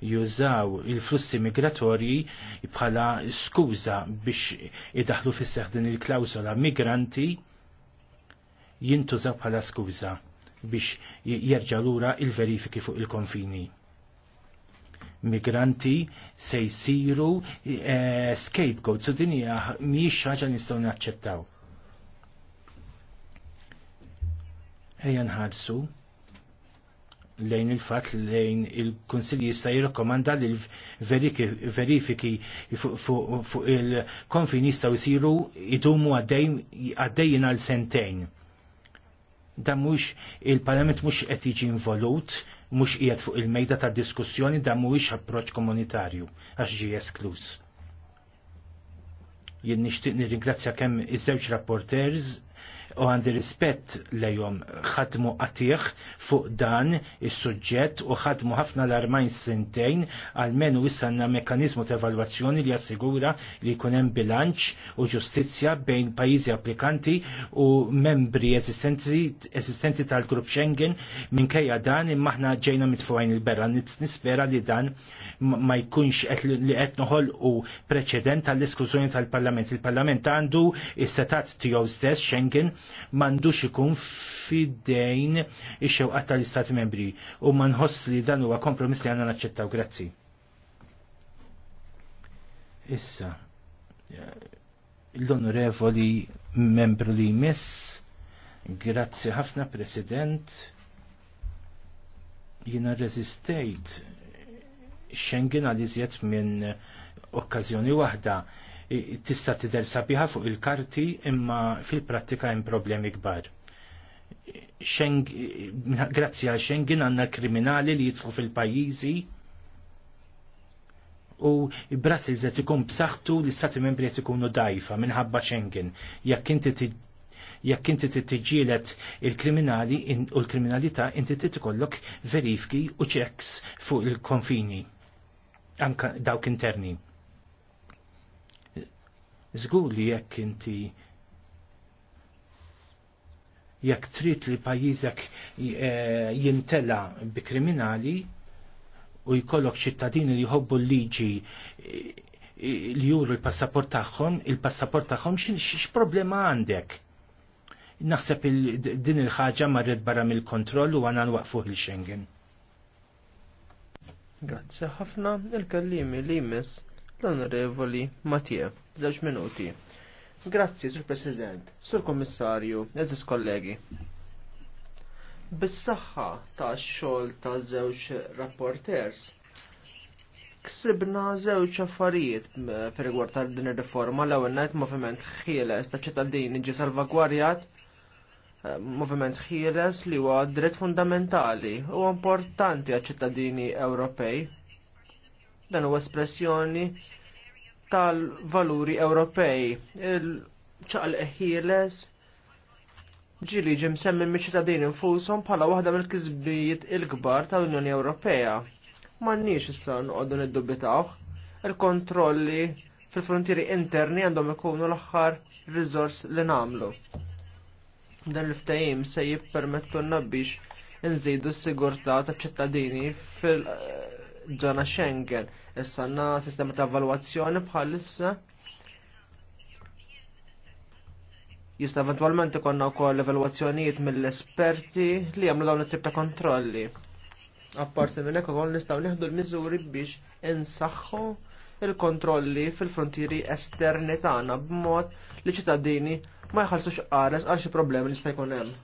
jużaw il-flussi migratorji bħala skuża biex idaħlu fis din il klausula migranti jintużaw bħala skuża biex jerġa' lura il-verifiki fuq il-konfini migranti se jsiru eh, scapegoat, so din hija mhijiex ħaġa nistgħu naċċettaw. Ejja nħarsu lejn il-fat lejn il-Konsilji jista' jirrakkomanda li verifiki fuq il-konfin jistgħu jsiru idumu għaddejjin għal sentejn. Dan mhux il-Parlament mhux qed jiġi involut mhux qiegħed fuq il-mejda ta' diskussjoni da mhuwiex approċċ komunitarju għax ġie esklus. Jien nixtieq nirringrazzja kemm iż-żewġ rapporters u għandi rispett lejhom ħadmu qatih fuq dan is-suġġett u ħadmu ħafna l-armajn sentejn għalmenu wissanna mekanizmu ta' evalwazzjoni li jassigura li jkun hemm bilanċ u ġustizzja bejn pajjiżi applikanti u membri eżistenti tal-grupp Schengen minkejja dan imma aħna ġejna mitfuqajn il-berra nispera li dan ma jkunx li qed noħolqu preċedent tal-diskussjoni tal-Parlament. Il-Parlament għandu is-setat tiegħu stess Schengen m'għandux ikun fidejn ix-xewqat tal-Istati Membri u ma nħoss li dan huwa kompromiss li għandna naċċettaw. Grazzi. Issa, l-onorevoli membru li jmiss, grazzi ħafna President, jina rezistejt Schengen għal minn okkażjoni waħda tista' tidher sabiħa fuq il-karti imma fil-prattika hemm problemi kbar. Grazzi għal Schengen għandna kriminali li jitħu fil-pajjiżi u Brussels zet ikun b'saħħtu li stati membri qed ikunu dajfa minħabba Schengen. Jekk inti jekk il-kriminali u l-kriminalità inti titikollok verifki u checks fuq il-konfini anka dawk interni Żgur li jekk inti jekk trid li pajjiżek eh, jintela bi kriminali u jkollok ċittadini li jħobbu l-liġi eh, li juru l-passaport tagħhom, il-passaport tagħhom x'problema għandek? Naħseb din il-ħaġa marret barra mill-kontroll u għana nwaqfu li schengen Grazzi ħafna il-kallimi li jmiss l-Onorevoli Matiev, żewġ minuti. Grazzi, Sur President, Sur Kommissarju, eżis kollegi. Bis-saħħa ta' xogħol ta' żewġ rapporters, ksibna żewġ affarijiet per rigward tal din ir-riforma l ewwel ngħid moviment ħieles ta' ċittadini ġie salvagwarjat eh, moviment ħieles li huwa dritt fundamentali u importanti għal ċittadini Ewropej dan huwa espressjoni tal-valuri Ewropej. Il-ċaqal ħieles ġili ġim semmi mi ċittadini nfushom bħala waħda mill-kisbijiet il-kbar tal-Unjoni Ewropea. M'għandniex issa noqogħdu dubitaħ Il-kontrolli fil-frontieri interni għandhom ikunu l-aħħar rizors li nagħmlu. Dan il-ftajim se jippermettu biex nżidu s-sigurtà taċ ċittadini fil- ġana Schengen. Issa għanna sistema ta' evalwazzjoni bħalissa jista' eventwalment ikonna wkoll evalwazzjonijiet mill-esperti li għamlu dawn it-tip ta' kontrolli. Apparti minn hekk ukoll nistgħu nieħdu l-miżuri biex insaħħu il-kontrolli fil-frontieri esterni tagħna b'mod li ċittadini ma jħallsux qares għal xi problemi li jista' jkun hemm.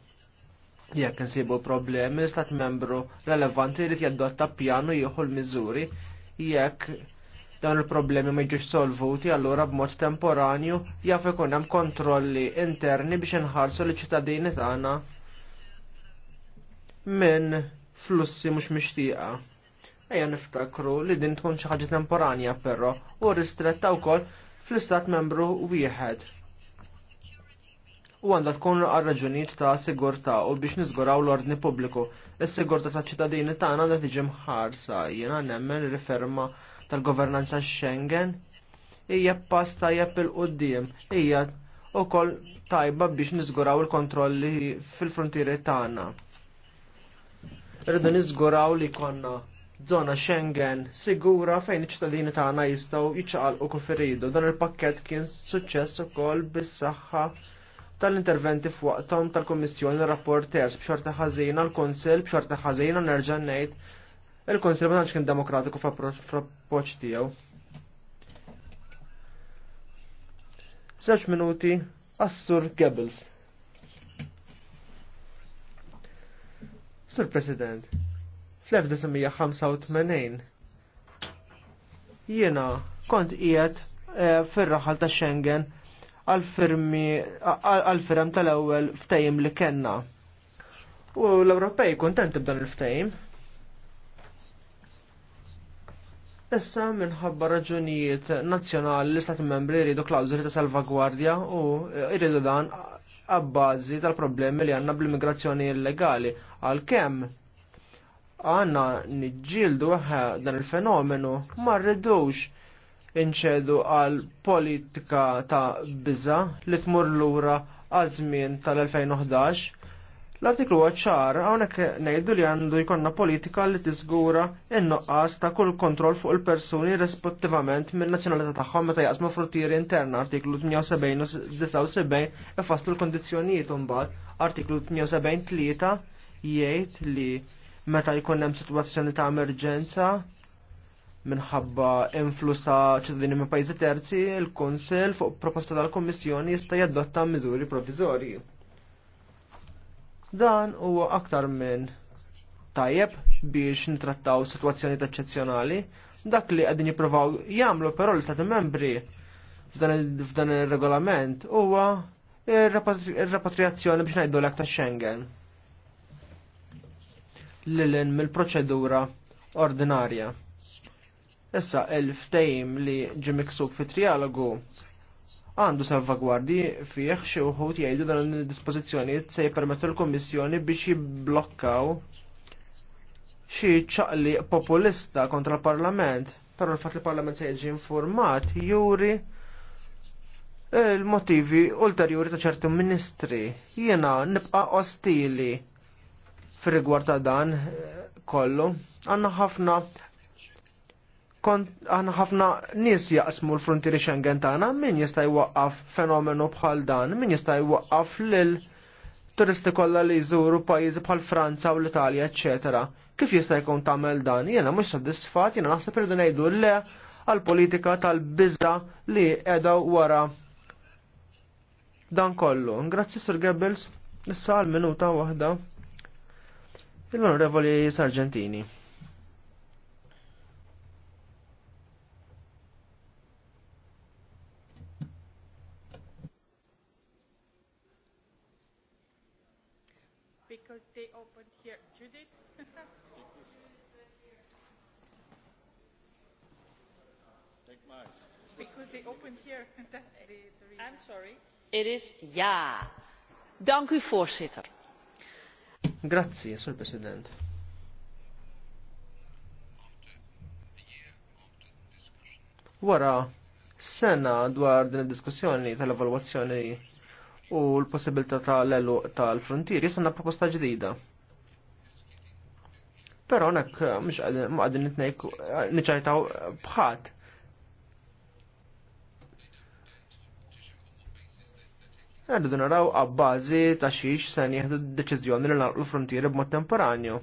Jekk insibu problemi, l-istat membru relevanti jrid jaddotta pjanu jieħu l-miżuri jekk dan il-problemi ma jiġux solvuti allura b'mod temporanju jaf ikun hemm kontrolli interni biex inħarsu l-ċittadini tagħna minn flussi mhux mixtieqa. Ejja niftakru li din tkun xi ħaġa temporanja però u ristretta wkoll fl-istat membru wieħed u għandha tkun għal raġunijiet ta' sigurtà u biex niżguraw l-ordni pubbliku. Is-sigurtà ta' ċittadini tagħna għandha tiġi mħarsa jiena nemmen riferma tal-governanza Schengen hija pass tajjeb il-qudiem hija wkoll tajba biex niżguraw il-kontrolli fil-frontieri tagħna. Irridu niżguraw li konna zona Schengen sigura fejn iċ-ċittadini tagħna jistgħu jiċċaqalqu kif iridu. Dan il-pakkett kien suċċess ukoll bis-saħħa tal-interventi f'waqtom tal-Kommissjoni rapporters b'xorta ħażina l-Konsil b'xorta ħażina nerġa' ngħid il-Konsil ma tantx kien demokratiku f'approċċ tiegħu. Żewġ minuti Assur sur Goebbels. Sur President, fl-1985 jiena kont qiegħed eh, fir-raħal ta' Schengen għal-firm tal-ewwel ftejim li kena. U l-Ewropej kontent b'dan il-ftejim. Issa minħabba raġunijiet nazzjonali l-Istati membri jridu klawżuri ta' salvagwardja u jridu dan għabbażi tal-problemi li għanna bl-immigrazzjoni illegali. Għal-kem għanna nġildu dan il-fenomenu ma rridux inċedu għal politika ta' biża li tmur lura ura għazmin tal-2011. L-artiklu ċar hawnhekk ngħidu li għandu jkollna politika li tiżgura in-nuqqas ta' kull kontroll fuq il-persuni rispettivament minn nazzjonalità tagħhom meta jaqsmu fruttieri interna artiklu 78-79 ifasslu l-kondizzjonijiet imbagħad artiklu 78 tlieta jgħid li meta jkun hemm sitwazzjoni ta' emerġenza minħabba influss ta' ċittadini minn pajjiżi terzi, il-Kunsel fuq proposta tal-Kommissjoni jista' jadotta miżuri provviżorji. Dan huwa aktar minn tajjeb biex nitrattaw sitwazzjoni eċċezzjonali, dak li qegħdin jippruvaw jagħmlu però l-Istati membri f'dan ir-regolament huwa ir-repatriazzjoni biex ngħidu l-aktar Schengen. Lilin mill-proċedura ordinarja. Issa il-ftejm li ġimiksuk fit trialogu għandu salvagwardi fih xi wħud jgħidu dan id-dispożizzjonijiet se jippermettu l-Kummissjoni biex jibblokkaw xi ċaqli populista kontra l-Parlament, però l-fatt li l-Parlament se jiġi informat juri il-motivi ulterjuri ta' ċertu ministri. Jiena nibqa' ostili fir-rigward ta' dan kollu. Għanna ħafna aħna ħafna nies jaqsmu l-frontieri Schengen tagħna, min jista' jwaqqaf fenomenu bħal dan, min jista' jwaqqaf lil turisti kollha li jżuru pajjiżi bħal Franza u l-Italja, eċetera. Kif jista' jkun tagħmel dan? Jiena mhux sodisfat, jiena naħseb irdu ngħidu le għall politika tal-biża li qiegħda wara dan kollu. Grazzi Sir Goebbels, issa għal minuta waħda. Il-Onorevoli Sargentini. Grazie, sur president. Wara sena dwar din id-diskussjoni tal-evalwazzjoni u l-possibilità tal-elu tal-frontieri sanna proposta ġdida. Pero nek mux għadin nitnejk nċajtaw bħat Għaddu naraw għabbazi ta' xiex sen jieħdu deċiżjoni li naqlu frontieri b'mod temporanju.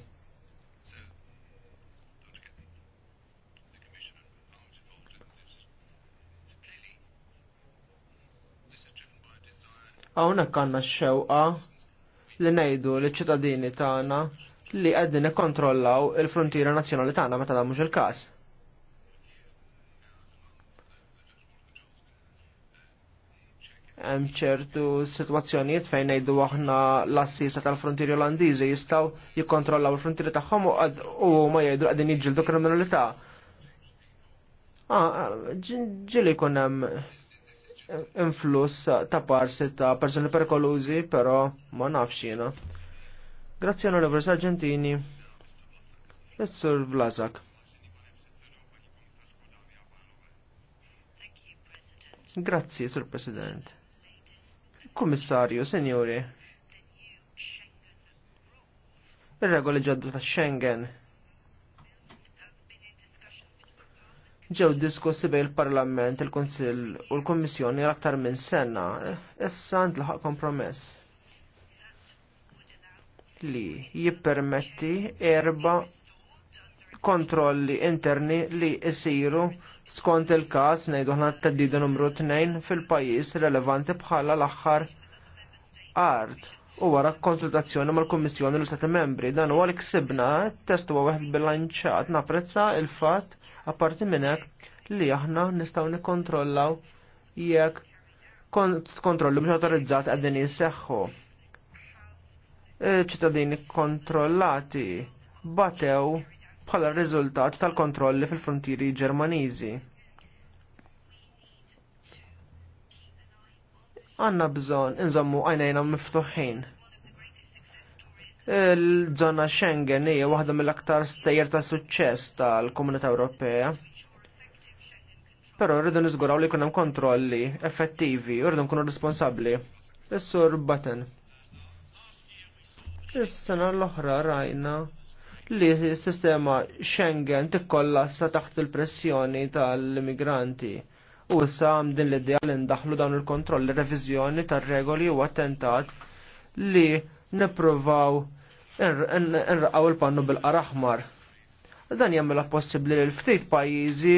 Hawnhekk għandna x-xewqa li ngħidu li ċittadini tagħna li qegħdin ikkontrollaw il-frontiera nazzjonali tagħna meta damux il-każ. hemm ċertu sitwazzjonijiet fejn ngħidu aħna l-assisa tal-frontieri Olandiżi jistgħu jikkontrollaw il-frontieri tagħhom u ma jgħidu qegħdin jiġġieldu kriminalità. Ah, Ġieli jkun hemm influss ta' parsi ta' persuni perikolużi, però ma nafx jiena. Grazzi onorevoli Sargentini. Is-Sur Vlasak. Grazzi, Sur President. Kummissarju, Senjuri, ir-regoli ġodda ta' Schengen ġew diskussi bejn il-Parlament, il-Kunsill u l-Kommissjoni l-aktar minn sena, issa ntlaħaq kompromess li jippermetti erba kontrolli interni li jisiru skont il-kas nejdu t-teddida numru 2 fil-pajis relevanti bħala l-axħar art u wara konsultazzjoni mal-Kommissjoni l-Stati Membri dan huwa li ksibna test huwa wieħed bilanċat naprezza il-fatt apparti minn hekk li aħna nistgħu nikkontrollaw jekk kontrollu mhux autorizzat qegħdin jisseħħu. E, ċittadini kontrollati batew bħala riżultat tal-kontrolli fil-frontieri Ġermaniżi. Għanna bżon inżommu għajnejna miftuħin. Il-żona Schengen hija waħda mill-aktar stejjer ta' suċċess tal-Komunità Ewropea. Però rridu niżguraw li jkun hemm kontrolli effettivi u rridu nkunu responsabbli. Is-sur Button. Is-sena l-oħra rajna li s-sistema Schengen tikkollassa taħt il-pressjoni tal-immigranti. U issa din l-idea li ndaħlu dan il-kontroll, revizjoni tal-regoli u attentat li nipruvaw nraqaw il-pannu bil-qaraħmar. Dan jemmela possibli li l-ftit pajizi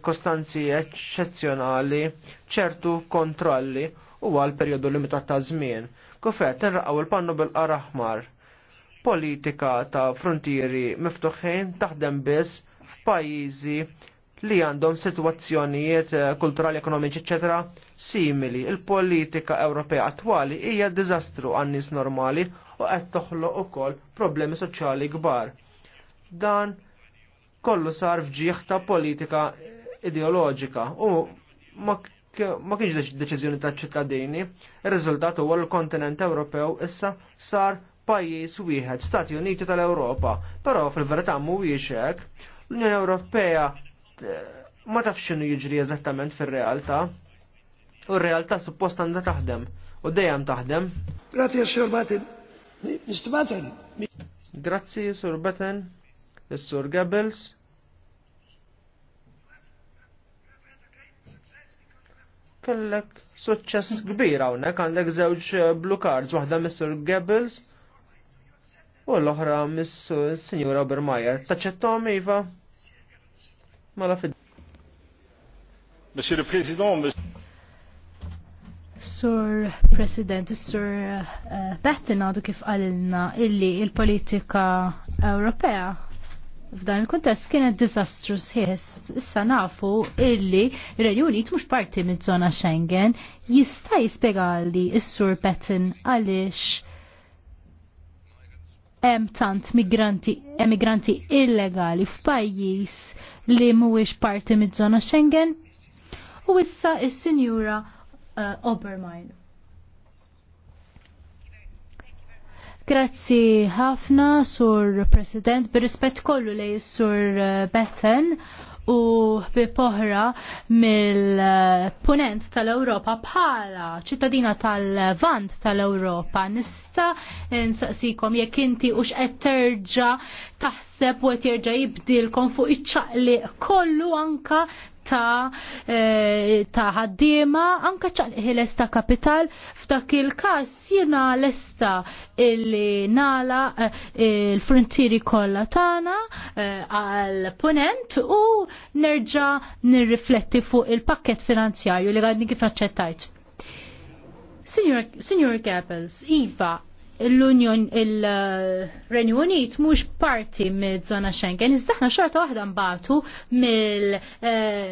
kostanzi eccezzjonali ċertu kontrolli u għal periodu limitat ta' żmien. Kufet, nraqaw il-pannu bil-qaraħmar politika ta' frontieri miftuħin taħdem biss f'pajjiżi li għandhom situazzjonijiet eh, kulturali, ekonomiċi, eċetera, simili. Il-politika Ewropea attwali hija diżastru għan-nies normali u qed toħloq ukoll problemi soċjali kbar. Dan kollu sar fġieħ ta' politika ideoloġika u ma ma kienx deċiżjoni ta' ċittadini, ir-riżultat huwa l-kontinent Ewropew issa sar pajjiż wieħed, Stati Uniti tal-Ewropa, però fil-verità mhuwiex hekk. L-Unjoni Ewropea eh, ma tafx x'inhu jiġri eżattament fir-realtà. U r-realtà suppost għandha taħdem u dejjem taħdem. Grazzi Sur Batten. Mr. Batten. Grazzi Sur Batten, Sur Goebbels. kellek suċċess kbir hawnhekk għandek żewġ blue cards, waħda Mr. Goebbels u l-oħra miss sinjura Obermajer. Taċċettom, Iva? Mala fid. Monsieur le Président, Sur President, Sur uh, eh, għadu kif għalilna illi il-politika Ewropea f'dan il-kontest kienet disastru sħiħes. Issa nafu illi il renju Unit mhux parti mid-żona Schengen jista' jispjega li s-Sur Bettin għaliex hemm tant migranti emigranti illegali f'pajjiż li mhuwiex parti mid-żona Schengen? U issa is-Sinjura uh, Obermein. Grazzi ħafna sur President, bir-rispett kollu lej sur uh, Betten u bipoħra mill-punent tal-Europa bħala ċittadina tal-vant tal-Europa. Nista nsaqsikom jekk inti u x'qed terġa' taħseb u qed jerġa' jibdilkom fuq iċ-ċaqli kollu anka ta' e, ta' ħaddiema anka l-esta kapital f'dak il-każ jiena lesta illi nala e, il-frontieri kollha tagħna e, għal punent u nerġa' nirrifletti fuq il-pakket finanzjarju li għadni kif aċċettajt. Signor, Signor Gables, Iva, l-Unjon il-Renju Unit mhux parti mill-żona Schengen, iżda aħna xorta waħda mbatu eh,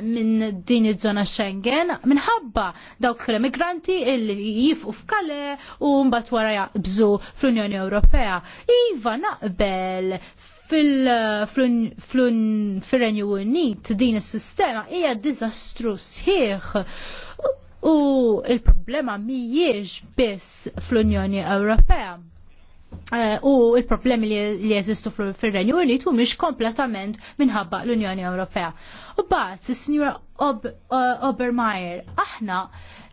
minn din id żona Schengen minħabba dawk l emigranti illi jifqu f'Kale u mbagħad wara jaqbżu fl-Unjoni Ewropea. Iva naqbel fil-Renju Unit din is-sistema hija dizastru sħiħ U il-problema mijiex biss fl-Unjoni Ewropea. Uh, u il-problemi li jeżistu fil-Renju Unit u miex kompletament minħabba l-Unjoni Ewropea. U bat, s-Sinjura Ob eh, Obermeier, aħna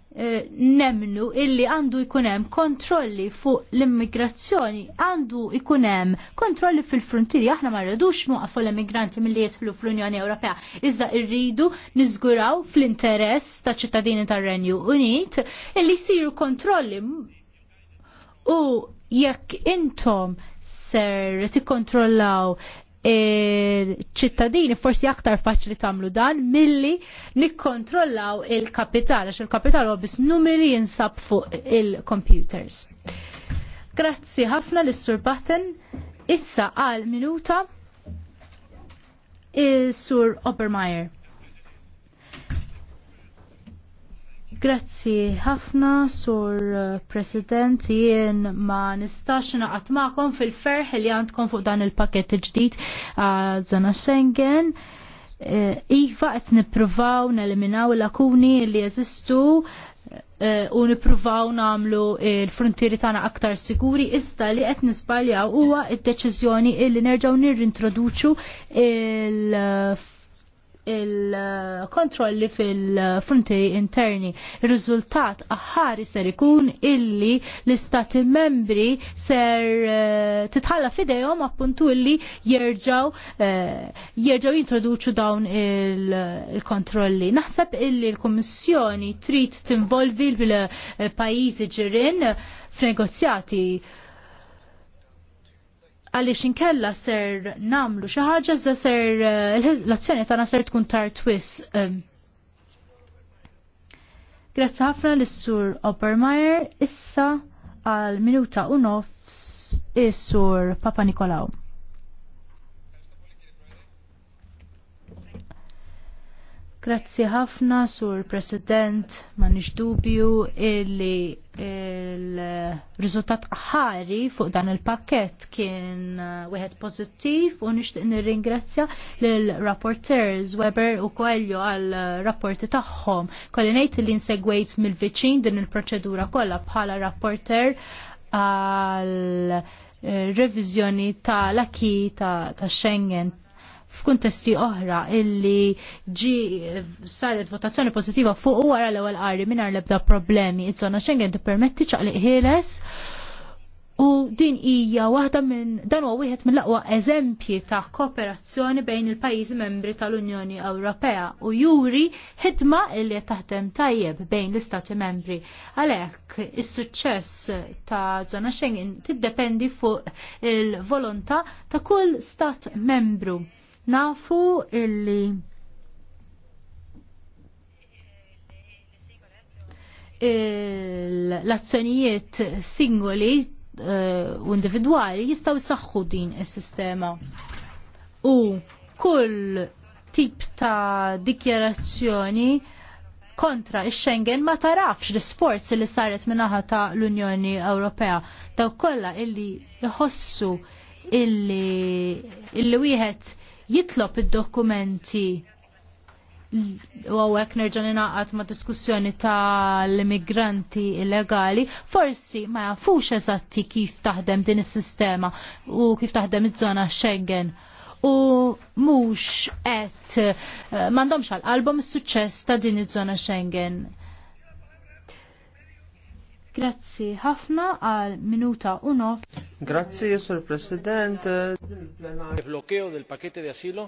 Eh, nemnu illi għandu jkunem kontrolli fuq l-immigrazzjoni, għandu jkunem kontrolli fil-frontieri, aħna ma rridux nuqafu l-immigranti mill-li jitħlu fl-Unjoni Ewropea, iżda irridu nizguraw fl-interess ta' ċittadini tar-Renju Unit illi jsiru kontrolli u jekk intom ser tikkontrollaw ċittadini forsi aktar faċli tamlu dan milli nikkontrollaw il-kapital, għax il-kapital huwa biss numeri jinsab fuq il-computers. Grazzi ħafna l sur Batten. Issa għal minuta il sur Obermeyer. Grazzi ħafna sur President jien ma nistax naqat maqom fil-ferħ li għandkom fuq dan il-pakket ġdid għal-zona Schengen. Eh, iva qed nippruvaw neliminaw il lakuni li jeżistu eh, u nippruvaw namlu il-frontieri tagħna aktar siguri iżda li qed nisbaljaw huwa id-deċiżjoni li nerġgħu nirrintroduċu il- il-kontrolli fil-fronti interni. Il-rizultat aħħari ser ikun illi l-istati membri ser eh, titħalla fidejhom appuntu illi jirġaw eh, jirġaw jintroduċu dawn il-kontrolli. Naħseb illi l-Kommissjoni trid tinvolvi l-pajjiżi eh, ġirin f'negozjati għaliex inkella ser namlu xi ħaġa iżda ser eh, l-azzjoni tagħna ser tkun tar twiss. Ehm. Grazzi ħafna l sur Oppermeyer, issa għal minuta u nofs is-sur Papa Nikolaw. Grazzi ħafna, Sur President, ma nix dubju illi il rizultat ħari fuq dan il-pakket kien uh, wieħed pozittiv u nixtieq nirringrazzja lil rapporteurs Weber u Coelho għal uh, rapporti tagħhom. Kolli ngħid li nsegwejt mill-viċin din il-proċedura kollha bħala rapporter għal uh, revizjoni tal-aki ta', ta Schengen f'kuntesti oħra illi ġi saret votazzjoni pozittiva fuq u għara l-ewwel qari mingħajr l-ebda problemi. id żona Schengen tippermetti ċaqli ħieles u din hija waħda minn dan huwa wieħed mill-aqwa eżempji ta' kooperazzjoni bejn il-pajjiżi membri tal-Unjoni Ewropea u juri ħidma li qed taħdem tajjeb bejn l-istati membri. Għalhekk is-suċċess ta' żona Schengen tiddependi fuq il-volontà ta' kull stat membru. Nafu illi l-azzjonijiet singoli eh, u individwali jistaw saħħu din is-sistema. U kull tip ta' dikjerazzjoni kontra ix-Schengen ma tarafx l-sports li saret minnaħa ta' l-Unjoni Ewropea. Daw kollha illi jħossu illi illi wieħed jitlob id-dokumenti u għawek nerġan inaqat ma diskussjoni ta' l-immigranti illegali, forsi ma jafux eżatti kif taħdem din is-sistema u kif taħdem iż-żona Schengen. U mhux et eh, m'għandhomx għal qalbhom is-suċċess ta' din iż-żona Schengen Grazzi ħafna għal minuta u nofs. Grazzi, Sur President. Il-blokkeo del pakete di asilo.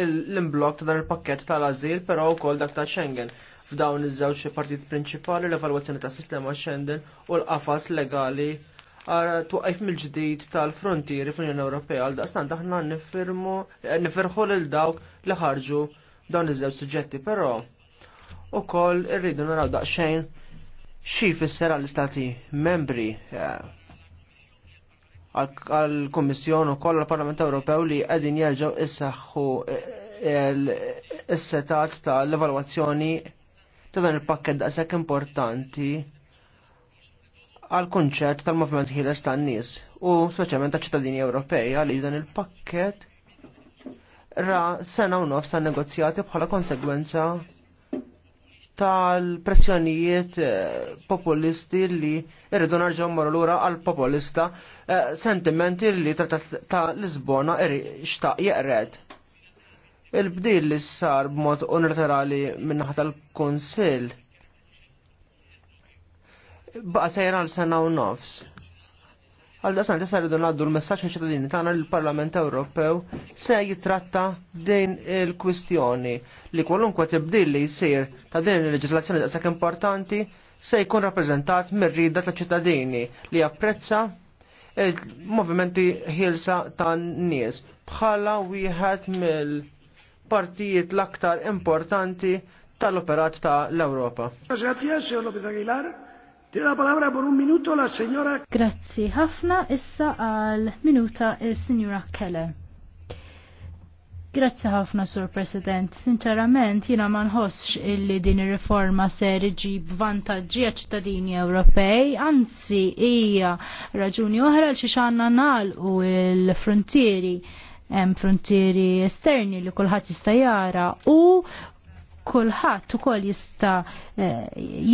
L-imblok ta' dan il-pakket tal-azil, però u kol dak ta' Schengen. F'dawn iż-żewġ partit prinċipali l-evalwazzjoni ta' sistema Schengen u l-qafas legali għara tuqqajf mill-ġdid tal-frontieri fl-Unjoni Ewropea għal daqstant aħna nifirħu lil dawk li ħarġu dawn iż-żewġ suġġetti, però u irridu naraw daqsxejn Xi sera l-Istati membri eh, għal komissjon u koll parlament Ewropew li għedin jelġaw issaħħu eh, il-setat ta' l-evaluazzjoni ta' dan il-pakket daqshekk importanti għal kunċett tal-movement ta' tan-nies u speċjalment ta' ċittadini Ewropej għaliex dan il-pakket ra sena u nofs ta' negozjati bħala konsegwenza tal-pressjonijiet eh, populisti li irridu narġaw marru lura għal populista eh, sentimenti li ta' Lisbona xtaq jeqred. Il-bdil li sar b'mod unilaterali minnaħat tal-Konsil baqa sejra għal sena u nofs. Għal dasan li saridu naddu l-messagġ ċittadini tagħna l parlament Ewropew se jitratta din il-kwistjoni li kwalunkwe tibdil li jsir ta' din il-leġislazzjoni daqshekk importanti se jkun rappreżentat mir-rida ta' ċittadini li japprezza il-movimenti ħilsa ta' nies bħala wieħed mill-partijiet l-aktar importanti tal-operat ta' l-Europa. Grazzi ħafna issa għal minuta il-Sinjura Keller. Grazzi ħafna, Sur President. Sinċerament, jina ma illi din ir-riforma ser iġib vantaġġi ċittadini Ewropej, anzi hija raġuni oħra li xi xanna nagħlqu l-frontieri frontieri esterni li kulħadd jista' jara u kulħadd ukoll jista' eh,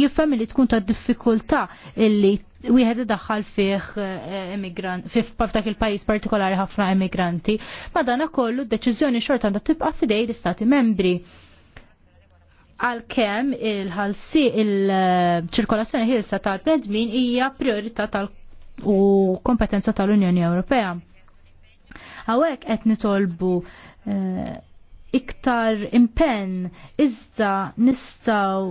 jifem li tkun ta' diffikultà illi wieħed idaħħal fih emigrant, eh, fi f'dak il-pajjiż partikolari ħafna ma dana kollu d-deċiżjoni xorta għandha tibqa' fidej l-istati membri għal-kem il-ħalsi il-ċirkolazzjoni ħilsa tal predmin hija priorità tal- u kompetenza tal-Unjoni Ewropea. Għawek qed nitolbu eh, iktar impenn iżda nistaw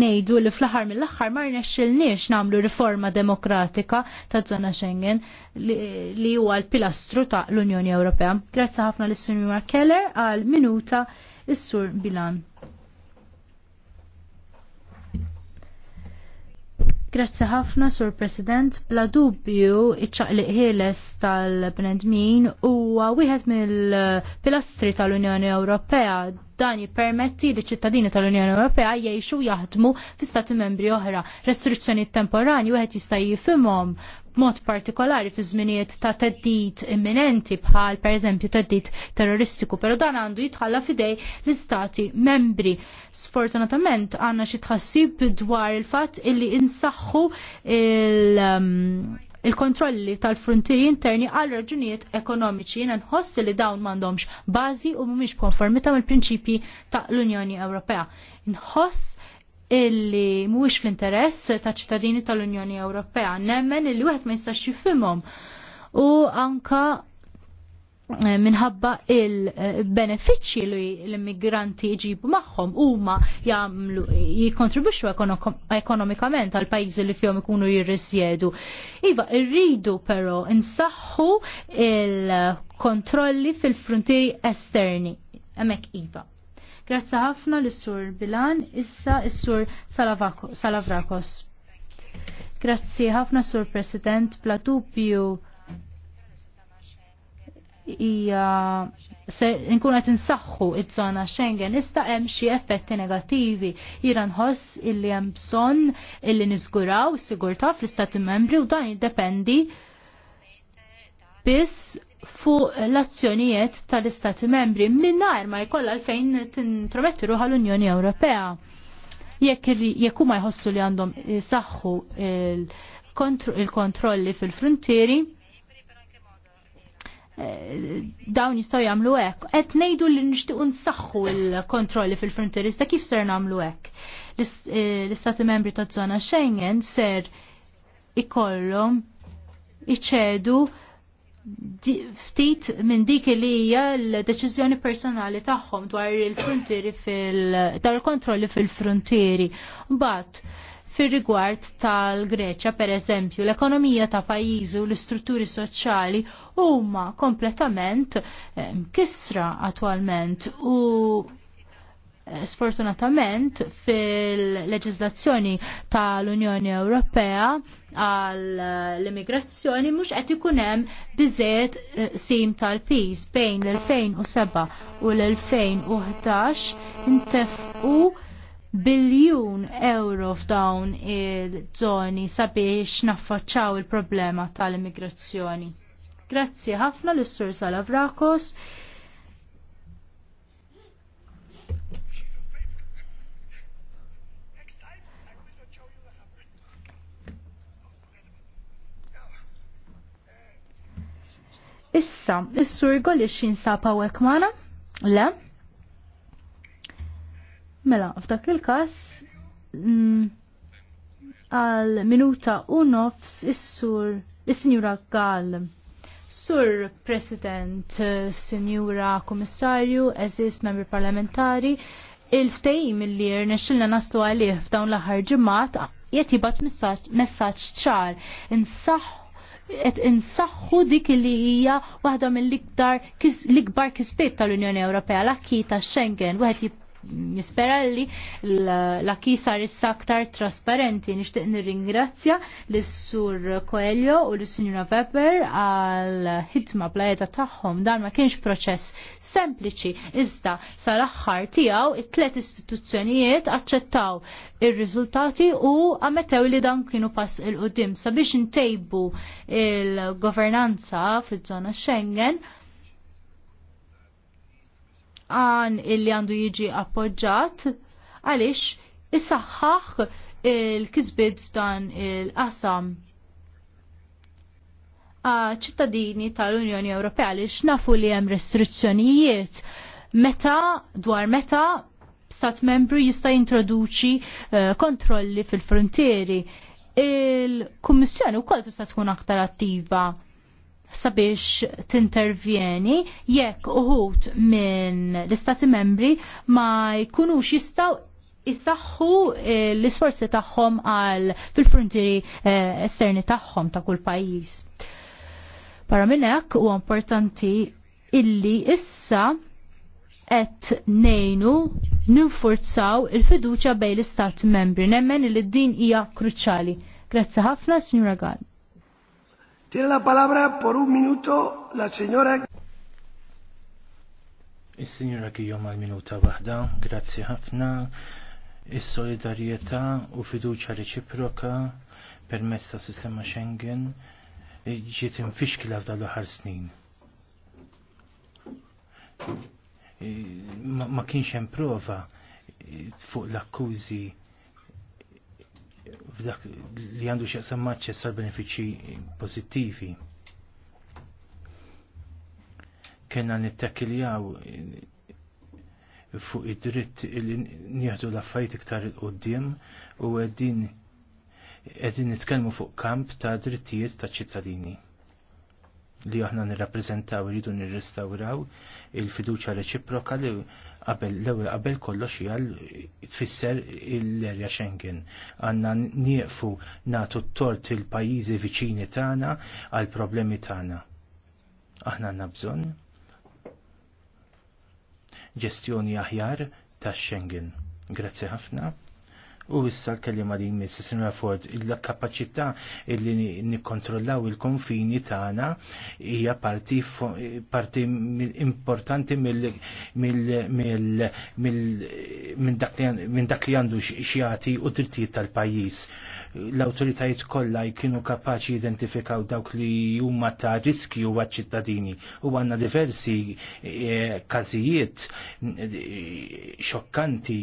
nejdu li fl-aħħar mill-aħħar ma rnexxilniex nagħmlu riforma demokratika ta' zona Schengen li huwa l-pilastru ta' l-Unjoni Ewropea. Grazzi ħafna lis-Sinjura Keller għal minuta is-Sur Bilan. Grazzi ħafna, Sur President. Bla dubju, iċċaqliq ħieles tal-bnedmin huwa wieħed mill-pilastri tal-Unjoni Ewropea dan jippermetti li ċittadini tal-Unjoni Ewropea jgħixu jaħdmu fi stati membri oħra. Restrizzjoni temporani wieħed jista' jifhimhom b'mod partikolari fi żminijiet ta' teddit imminenti bħal pereżempju teddit terroristiku, però dan għandu jitħalla fidej l-istati membri. Sfortunatament għandna xi tħassib dwar il-fatt illi insaħħu il- um, il-kontrolli tal-frontieri interni għal raġunijiet ekonomiċi jiena nħoss li dawn m'għandhomx bażi u mhumiex konformita mal-prinċipji ta' l-Unjoni Ewropea. Nħoss illi mhuwiex fl-interess ta' ċittadini tal-Unjoni Ewropea, nemmen illi wieħed ma jistax jifhimhom. U anka Eh, minħabba il-benefiċċji eh, li l-immigranti jġibu magħhom huma jgħamlu jikkontribwixxu ekonomikament għal pajjiżi li fihom ikunu jirrisjedu. Iva, rridu però nsaħħu il-kontrolli fil-frontieri esterni. Hemmhekk iva. Grazzi ħafna l sur Bilan, issa l sur Salavrakos. Grazzi ħafna sur President Platupju hija nkun qed insaħħu iż-żona Schengen issa hemm xi effetti negattivi. Jiena nħoss illi hemm bżonn illi niżguraw is-sigurtà fl-Istati Membri u dan jiddependi biss fuq l-azzjonijiet tal-Istati Membri mingħajr ma jkollha fejn tintrometti ruħ l-Unjoni Ewropea. Jekk jekk huma jħossu li għandhom saħħu il-kontrolli fil-frontieri, Eh, dawn jistgħu jagħmlu hekk. Qed ngħidu li nixtiequ nsaħħu l-kontrolli fil-frontierista kif ser nagħmlu hekk. Eh, l-istati membri taż-żona Schengen ser ikollhom iċedu ftit minn dik li hija l-deċiżjoni personali tagħhom dwar il-frontieri fil kontrolli fil-frontieri. Mbagħad fir-rigward tal-Greċja pereżempju l-ekonomija ta' pajizu, u l-istrutturi soċjali huma kompletament eh, kisra attualment u eh, sfortunatament fil-leġizlazzjoni tal-Unjoni Ewropea għall-immigrazzjoni eh, mhux qed ikun hemm biżejjed sim tal-pis bejn l-2007 u l-2011 intefqu biljun euro f'dawn il-żoni sabiex naffaċċaw il-problema tal-immigrazzjoni. Grazzi ħafna l-Sur Salavrakos. Issa, is-sur golli xin sa pawek mana? Le? Mela, f'dak il-kas, mm, għal minuta u nofs is-sur, is-sinjura Gall. Sur President, Sinjura Komissarju, Eżis Membri Parlamentari, il-ftejim li rnexxilna nastu għalih f'dawn l-aħħar ġimgħat qed jibgħat messaġġ ċar insaħħ insaħħu dik li hija waħda mill-iktar l-ikbar kisbiet tal-Unjoni Ewropea l-akki ta' Schengen wieħed nispera li l-akki sar issa aktar trasparenti. Nixtieq nirringrazzja lis-sur Coelho u l sinjura Weber għal ħidma plajeta tagħhom. Dan ma kienx proċess sempliċi, iżda sal-aħħar tiegħu it tlet istituzzjonijiet aċċettaw il riżultati u ammettew li dan kienu pass il qoddim sabiex ntejbu il-governanza fiż-żona Schengen għan illi għandu jiġi appoġġat għaliex issaħħaħ il-kizbid f'dan il-qasam ċittadini tal-Unjoni Ewropea li xnafu li hemm restrizzjonijiet meta dwar meta stat membru jista' jintroduċi eh, kontrolli fil-frontieri. Il-Kummissjoni wkoll tista' tkun aktar attiva sabiex tintervjeni jekk uħut minn l-istati membri ma jkunux jistaw jisaxħu eh, l-isforzi tagħhom għal fil-frontieri eh, esterni tagħhom ta' kull pajjiż. Para minn hekk huwa importanti illi issa qed nejnu ninfurzaw il-fiduċja bejn l-istat membri nemmen li din hija kruċali. Grazzi ħafna, Signora Gall. Tiene la palabra por un minuto la signora. Is-Sinjura Kijom għal-minuta waħda, grazzi ħafna, is-solidarjetà u fiduċa reċiproka permezz ta' sistema Schengen ġiet infixkila f'dan l-aħħar snin. Ma, ma kienx hemm prova fuq l-akkużi f'dak li għandu xieqsam maċċess għal benefiċċji pozittivi. Kenna għaw fuq id-dritt li njieħdu l iktar il-qoddim u għeddin għeddin nitkelmu fuq kamp ta' drittijiet ta' ċittadini li aħna nirrappreżentaw iridu nirrestawraw il-fiduċja reċiproka li qabel l-ewwel qabel kollox hija tfisser l-erja Schengen. Għandna nieqfu nagħtu t-tort il-pajjiżi viċini tagħna għal problemi tagħna. Aħna għandna bżonn ġestjoni aħjar tax Schengen. Grazzi ħafna. U issa l-kelima li jmiss Sinra Ford, il-kapacità li nikkontrollaw il-konfini tagħna hija parti, parti importanti minn dak li għandu xjati u drittijiet tal-pajjiż. L-awtoritajiet kollha kienu kapaċi identifikaw dawk li huma ta' riskju għaċ-ċittadini u għandna diversi eh, każijiet eh, xokkanti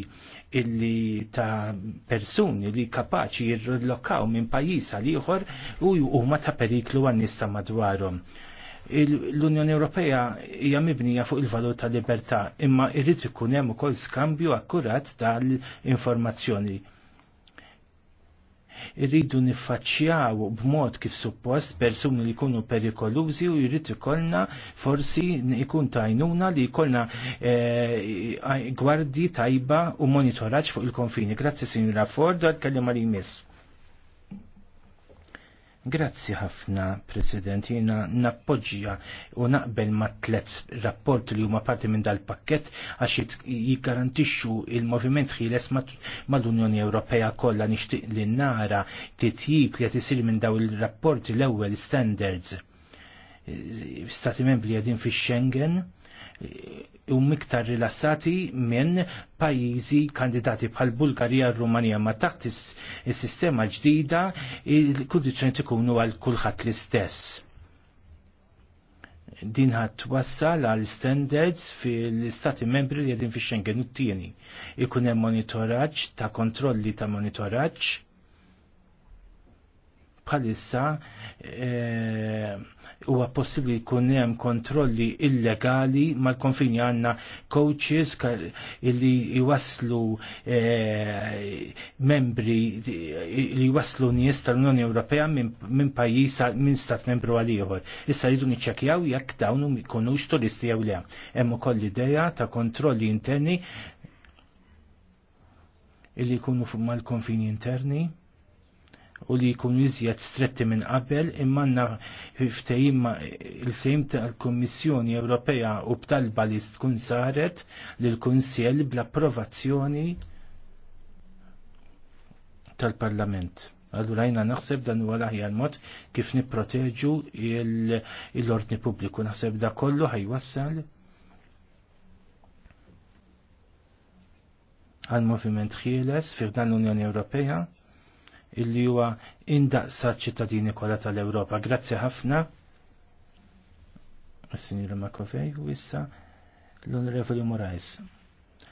illi ta' persuni li kapaċi jirrilokaw minn pajjiż għal ieħor u huma ta' periklu għan-nies ta' madwarhom. L-Unjoni Ewropea hija mibnija fuq il-valur tal libertà, imma irrid ikun hemm ukoll skambju akkurat tal-informazzjoni irridu niffaċċjaw b'mod kif suppost persuni li jkunu perikolużi u jrid ikollna forsi ikun tajnuna li jkollna eh, gwardji tajba u monitoraġġ fuq il-konfini. Grazzi Sinjura Ford, għal-kellima li jmiss. Grazzi ħafna, President, jina nappoġġja u naqbel ma tlet rapport li huma parti minn dal-pakket għax jiggarantixxu il-moviment ħieles mal-Unjoni Ewropea kollha nixtieq li nara titjib li qed isir minn daw il-rapport l-ewwel standards. Stati membri qegħdin fix-Schengen u miktar rilassati minn pajjiżi kandidati bħal Bulgarija u Rumanija ma taħt is-sistema ġdida il-kundizzjoni tkunu għal kulħadd l-istess din ħadd wassal għal standards fil-istati membri li qegħdin fix Schengen u t-tieni. Ikun hemm monitoraġġ ta' kontrolli ta' monitoraġġ bħalissa eh, huwa e, possibbli jkun hemm kontrolli illegali mal-konfini għandna coaches li jwaslu e, eh, membri li jwaslu nies tal-Unjoni Ewropea minn min pajjiż minn stat membru għal ieħor. Issa jridu niċċekkjaw jekk dawn jkunux turisti jew le. Hemm ukoll idea ta' kontrolli interni illi jkunu mal-konfini interni u li jkunu iżjed stretti minn qabel imma il fejm tal-Kummissjoni Ewropea u b'talba li tkun saret lil kunsjell bl-approvazzjoni tal-Parlament. Allura jina naħseb dan huwa l-aħjar mod kif nipproteġu l-ordni pubbliku. Naħseb da kollu ħajwassal għal moviment ħieles fiħdan dan l-Unjoni Ewropea illi huwa indaqsat ċittadini kollha tal-Ewropa. Grazzi ħafna. s-Sinjur Makovej, u issa l-Onorevoli Morais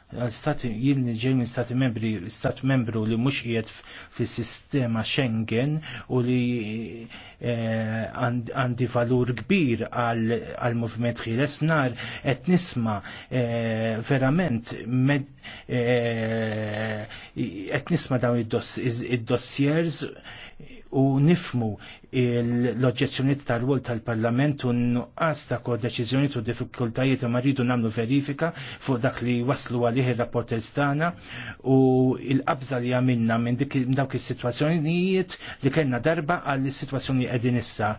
għal stati jilni ġej stati membri, stat membru li mhux qiegħed fis-sistema Schengen u li eh, għandi e, valur kbir għal moviment ħieles nar qed nisma e, verament eh, qed nisma dawn id-dossiers id u nifmu l-oġġezzjoniet tal-wol tal-parlament u nuqqas ta' kod deċizjoniet u diffikultajiet ma rridu namlu verifika fuq dak li waslu għalih il-rapport estana u il-qabża li għamilna minn dawk is-sitwazzjonijiet li kellna darba għall situazzjoni qegħdin issa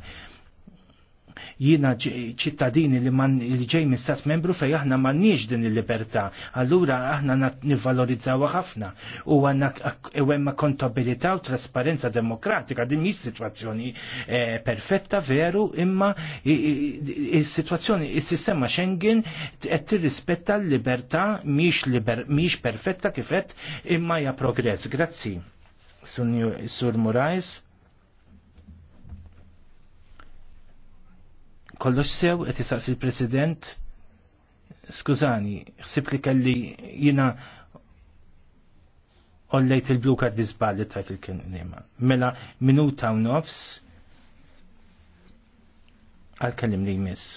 jina ċittadini li, man, li ġej minn stat membru fej aħna m'għandniex din il-libertà. Allura aħna nivvalorizzaw ħafna u għanna hemm kontabilità u trasparenza demokratika din mhix sitwazzjoni eh, perfetta veru imma is-sitwazzjoni is-sistema Schengen qed tirrispetta l-libertà mhix mhix perfetta kifet imma hija progress. Grazzi. Sur Moraes. kollox sew, qed isaqs il-President, skużani, ħsib li kelli jina ollejt il-blu kard bizbal tajt il-kelima. Mela minuta u nofs għal kellim li jmiss.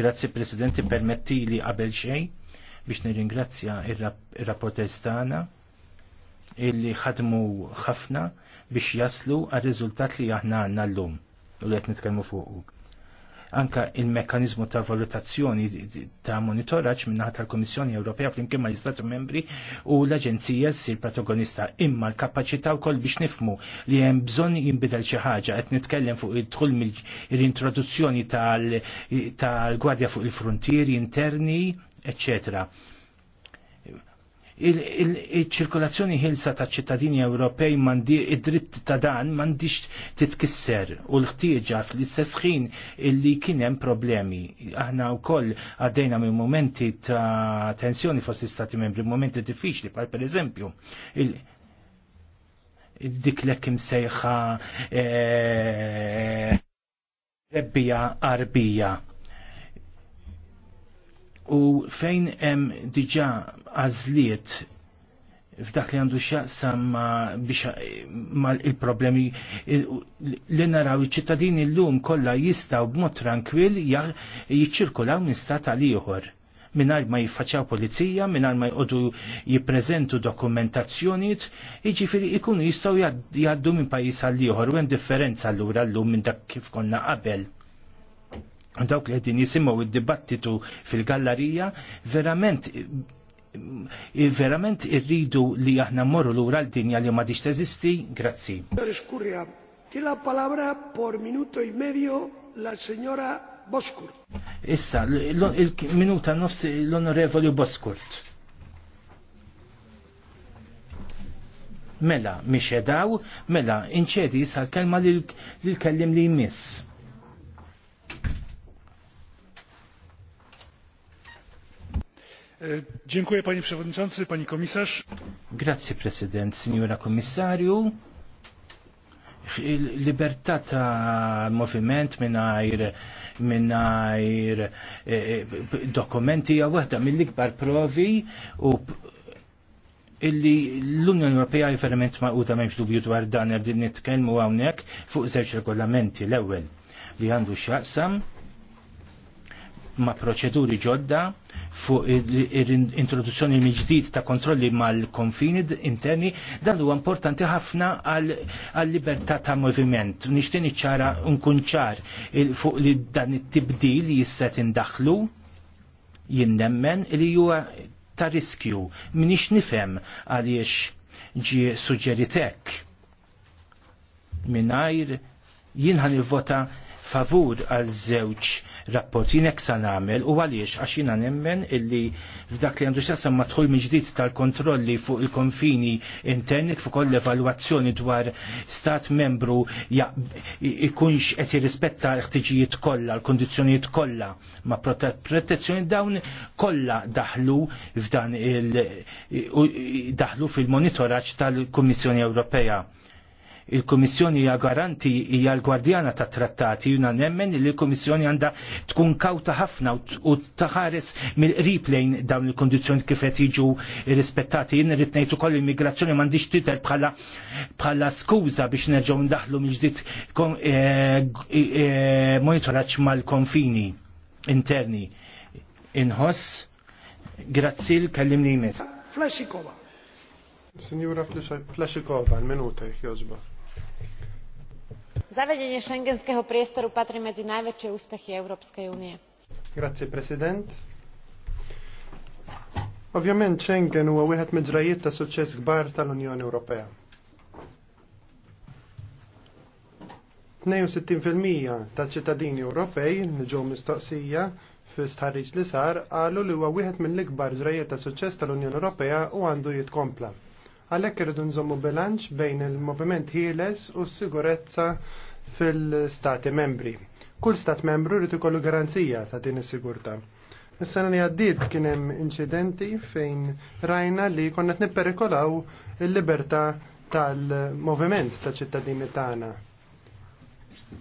Grazzi Presidenti, permetti li qabel xej biex nirringrazzja il-rapporter stana illi ħadmu ħafna biex jaslu għal riżultat li aħna għanna l-lum u li għet nitkelmu fuq anka il mekanizmu ta' valutazzjoni ta' monitoraġġ minnaħa tal-Komissjoni Ewropea flimkien ma' l-Istati Membri u l-Aġenzija ssir protagonista imma l-kapaċità wkoll biex nifmu li hemm bżonn jinbidel xi ħaġa qed nitkellem fuq id-dħul mill-introduzzjoni tal-Gwardja fuq il-Frontieri interni, eccetera il-ċirkolazzjoni ħilsa ta' ċittadini Ewropej mandi id-dritt ta' dan mandiġ titkisser u l-ħtieġa fl-istess ħin illi kienem problemi. Aħna u koll għaddejna minn momenti ta' tensjoni fost istati membri, momenti diffiċli, pal per eżempju, dik l imsejħa eh, rebbija arbija u fejn hemm diġà għażliet f'dak li għandu xaqsam ma biex il-problemi li naraw iċ-ċittadini l-lum kollha jistgħu b'mod tranquill jiċċirkulaw minn stat għal ieħor mingħajr ma jiffaċċjaw pulizija, mingħajr ma jqogħdu jippreżentu dokumentazzjonijiet, jiġifieri jkunu jistgħu jgħaddu minn pajjiż għal ieħor u hemm differenza allura llum minn dak kif konna qabel dawk li għedin jisimaw id-dibattitu fil-gallerija, verament verament irridu li aħna morru lura l-dinja li ma diċ teżisti, grazzi. Skurria, tila palabra por minuto i medio la signora Boskurt. Issa, il-minuta nofs l-onorevoli Boskurt. Mela, miex edaw, mela, inċedi issa l-kelma li l-kellim li jmiss. E, dziękuję panie przewodniczący, pani komisarz. Grazie president, signora komisarju. Libertà ta' moviment minnajr minnajr e, e, dokumenti hija waħda mill-ikbar provi u illi l-Unjoni Ewropea verament maquta m'hemmx dubju dwar dan qegħdin nitkellmu hawnhekk fuq żewġ regolamenti l-ewwel li għandu x'jaqsam ma' proċeduri ġodda fuq l-introduzzjoni mill-ġdid ta' kontrolli mal-konfini interni, dan huwa importanti ħafna għal-libertà ta' moviment. Nixtieq ċara nkun ċar fuq li dan it-tibdil jista' tindaħlu jinnemmen li huwa ta' riskju. Minix nifhem għaliex ġi suġġeritek minajr jien ħan vota favur għal żewġ rapport nek sa namel u għaliex għax nemmen illi f'dak li għandu xasam matħul miġdiet tal-kontrolli fuq il-konfini interni fuq koll evalwazzjoni dwar stat membru ikunx qed jirrispetta l-ħtiġijiet kollha, l-kondizzjonijiet kollha ma protezzjoni dawn kollha daħlu f'dan il daħlu fil-monitoraġġ tal-Kummissjoni Ewropea il-Komissjoni hija garanti hija l-gwardjana ta' trattati juna nemmen li l-Komissjoni għandha tkun kawta ħafna u taħares mill-qrib lejn dawn il-kondizzjoni kif qed jiġu rispettati. Jien irrid ngħid ukoll immigrazzjoni m'għandix titer bħala bħala skuża biex nerġgħu ndaħlu mill-ġdid eh, eh, eh, monitoraġġ mal-konfini interni. Inħoss, grazzi l-kellimni jmiss. Flashikova. Signora Flashikova, il minuta jek Zavedenie šengenského priestoru patrí medzi najväčšie úspechy Európskej únie. Grazie, President. Ovvjament Schengen huwa wieħed miġrajiet ta' suċċess kbar tal-Unjoni Ewropea. 62% ta' ċittadini Ewropej li ġew mistoqsija fi stħarriġ li sar qalu li huwa wieħed mill-ikbar ġrajiet ta' suċċess tal-Unjoni Ewropea u għandu jitkompla. Għalhekk irridu nżommu bilanċ bejn il-moviment ħieles u s-sigurezza fil-stati membri. Kull stat membru rrid ikollu garanzija ta' din is-sigurtà. Is-sena li għaddiet kien hemm inċidenti fejn rajna li konna qed nipperikolaw il-libertà tal-moviment ta' ċittadini tagħna.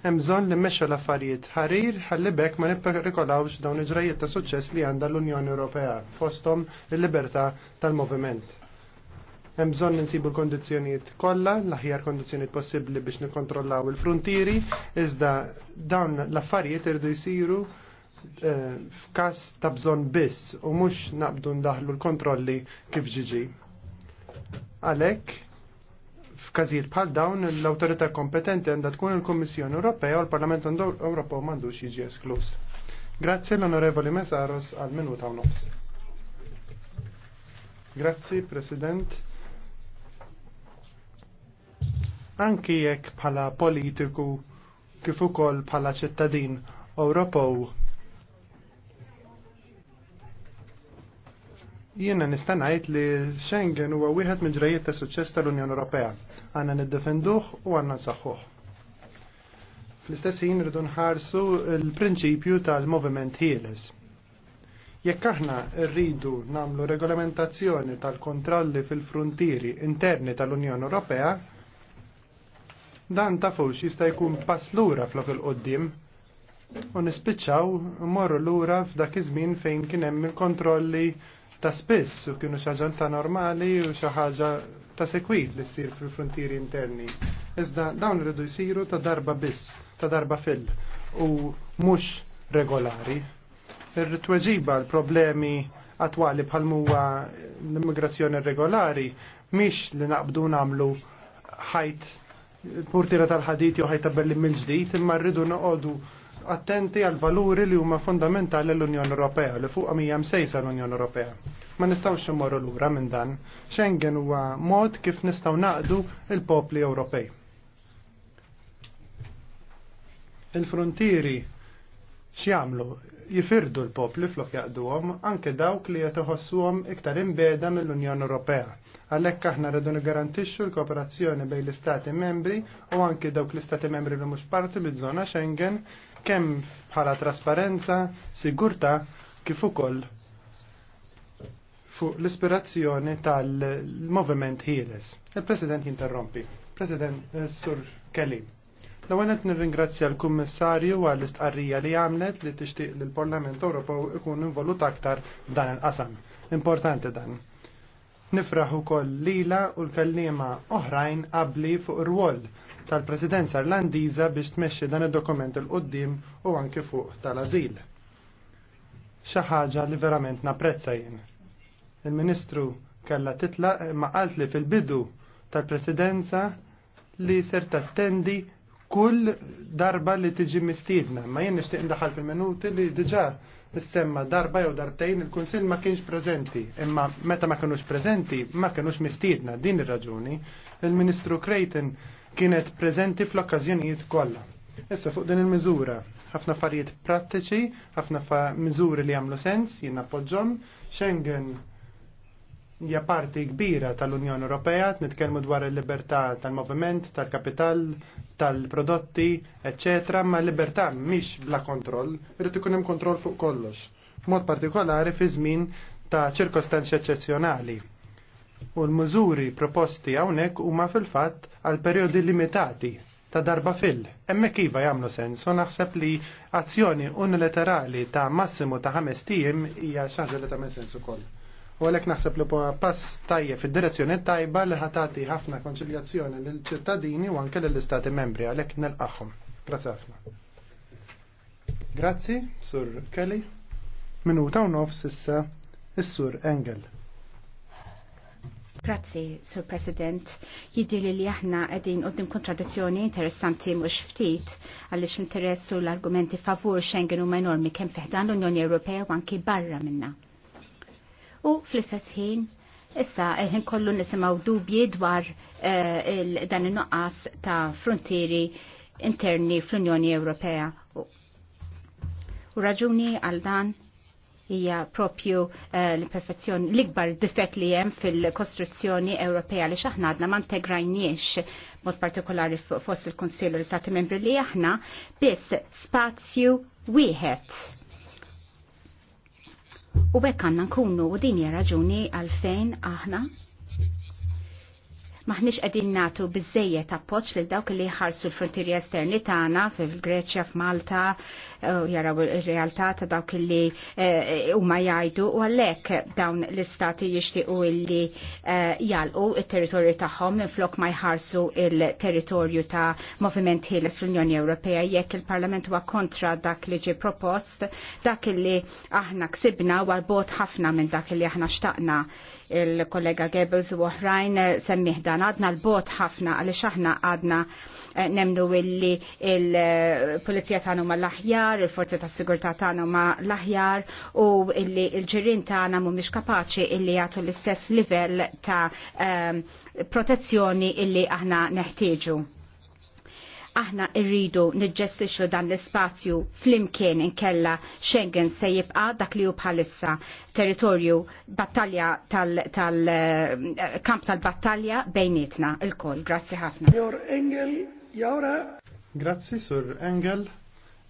Hemm bżonn li mmexxa l-affarijiet ħarir ħalli bekk ma nipperikolawx dawn iġrajiet ġrajiet ta' suċċess li għandha l-Unjoni Ewropea fosthom il-libertà tal-moviment. Hemm bżonn insibu l-kondizzjonijiet kollha, l-aħjar kondizzjonijiet possibbli biex nikkontrollaw il-frontieri, iżda dawn l-affarijiet irdu jsiru eh, f'każ ta' bżonn biss u mhux naqbdu ndaħlu l-kontrolli kif ġiġi. Għalhekk f'każijiet bħal dawn l-awtorità kompetenti għandha tkun il-Kummissjoni Ewropea u l-Parlament Ewropew m'għandux jiġi esklus. Grazzi l-Onorevoli Mesaros għal minuta u nofs. Grazzi, President anki jekk bħala politiku kif ukoll bħala ċittadin Ewropew. Jiena nista' ngħid li Schengen huwa wieħed minn ġrejiet ta' suċċess tal-Unjoni Ewropea. Għandna niddefenduh u għandna nsaħħuh. Fl-istess ħin rridu nħarsu l-prinċipju tal-moviment ħieles. Jekk aħna rridu nagħmlu regolamentazzjoni tal-kontrolli fil-frontieri interni tal-Unjoni Ewropea, Dan tafux jista' jkun pass lura flok il-qoddim u nispiċċaw morru lura f'dak iż-żmien fejn kien hemm il-kontrolli ta' spiss u kienu xi ħaġa ta' normali u xi ħaġa ta' sekwit li ssir fil-frontieri interni. Iżda dawn iridu jsiru ta' darba biss, ta' darba fil u mhux regolari. Ir-tweġiba l-problemi attwali bħal muwa l-immigrazzjoni regolari miex li naqbdu namlu ħajt portira tal-ħadid jew ħajtabelli mill-ġdid imma rridu noqogħdu attenti għal valuri li huma fundamentali l-Unjoni Ewropea li fuq hija msejsa l-Unjoni Ewropea. Ma nistgħux immorru lura minn dan. Schengen huwa mod kif nistgħu naqdu il-popli Ewropej. Il-frontieri x'jagħmlu? jifirdu l-popli flok jaqduhom anke dawk li jetoħossuhom iktar imbeda mill-Unjoni Ewropea. Għalhekk aħna rridu nigarantixxu l-kooperazzjoni bejn l-Istati membri u anke dawk l-Istati membri li mhux parti miż-żona Schengen kemm bħala trasparenza, sigurtà kif ukoll fuq l-ispirazzjoni tal-moviment ħieles. Il-President jinterrompi. President eh, Sur Kelly. L-ewwel nir nirringrazzja l-Kummissarju għall istqarrija li għamlet li tixtieq li l-Parlament Ewropew ikun involut aktar dan il-qasam. Importanti dan. Nifraħu ukoll lila u l-kallima oħrajn qabli fuq ir-rwol tal-Presidenza Irlandiża biex tmexxi dan id-dokument il qudiem u anke fuq tal-ażil. Xi ħaġa li verament napprezza jien. Il-Ministru Kella titlaq imma qalt li fil-bidu tal-Presidenza li ser tattendi kull darba li tiġi mistiedna, ma jien nixtieq ndaħal fil-minuti li diġà semma darba jew darbtejn il-Kunsill ma kienx preżenti, imma meta ma kinux preżenti ma kinux mistiedna din ir-raġuni il-Ministru Creighton kienet preżenti fl-okkażjonijiet kollha. Issa fuq din il-miżura, ħafna affarijiet prattiċi, ħafna miżuri li jagħmlu sens, jien appoġġhom, Schengen hija parti kbira tal-Unjoni Ewropea, nitkellmu dwar il-libertà tal-moviment, tal-kapital, tal-prodotti, eccetera, ma l-libertà mhix bla kontroll, irid ikun hemm kontroll fuq kollox. Mod partikolari fi żmien ta' ċirkostanzi eċċezzjonali. U l-mużuri proposti hawnhekk huma fil-fatt għal perjodi limitati ta' darba fil. Hemmhekk iva jagħmlu sens u naħseb li azzjoni unilaterali ta' massimu ta' ħames tiem hija xi ħaġa li tagħmel sens ukoll. U għalek naħseb li huwa pass tajjeb fid-direzzjoni tajba li ħatati ħafna konċiljazzjoni l ċittadini u anke lill istati membri għalhekk nilqaħħom. Grazzi ħafna. Grazzi, Sur Kelly. Minuta u nofs issa sur Engel. Grazzi, Sur President. Jidili li aħna għedin għoddim kontradizzjoni interessanti mux ftit għalix interessu l-argumenti favur Schengen u enormi kem fiħdan l-Unjoni Ewropea u anki barra minna u fl-istess ħin Issa, eh, ħin kollu nisimaw dubji dwar eh, dan il-nuqqas ta' frontieri interni fl-Unjoni Ewropea. U raġuni għal dan hija propju eh, l-imperfezzjoni l-ikbar difett li hemm fil-kostruzzjoni Ewropea li xaħna għadna ma integrajniex mod partikolari fost il u l stati membri li aħna biss spazju wieħed U bekk għanna nkunu u din hija raġuni għalfejn aħna maħniex qegħdin nagħtu biżejjed appoġġ lil dawk li ħarsu l-frontieri esterni tagħna fil-Greċja, f'Malta, u eh, jaraw il-realtà ta' dawk li eh, huma jgħidu u għalhekk dawn l-istati jixtiequ illi eh, jalqu it-territorju tagħhom flok ma jħarsu il-territorju ta' moviment ħieles fl-Unjoni Ewropea jekk il-Parlament huwa kontra dak li ġi propost dak li aħna ksibna u għalbot bot ħafna minn dak li aħna xtaqna il-kollega Gebels u oħrajn semmiħdan dan għadna l-bot ħafna għaliex aħna għadna Eh, nemnu illi il-polizija tagħna ma l-aħjar, il-forzi ta' sigurtà tagħna ma l-aħjar u illi il-ġirien tagħna mhumiex kapaċi illi jagħtu l-istess livell ta' ehm, protezzjoni illi aħna neħtieġu aħna irridu nġestixlu dan l-spazju flimkien inkella Schengen se jibqa dak li hu bħalissa territorju battalja tal-kamp eh, tal-battalja bejnietna il-koll. Grazzi ħafna. Jawra. Grazzi, Sur Engel.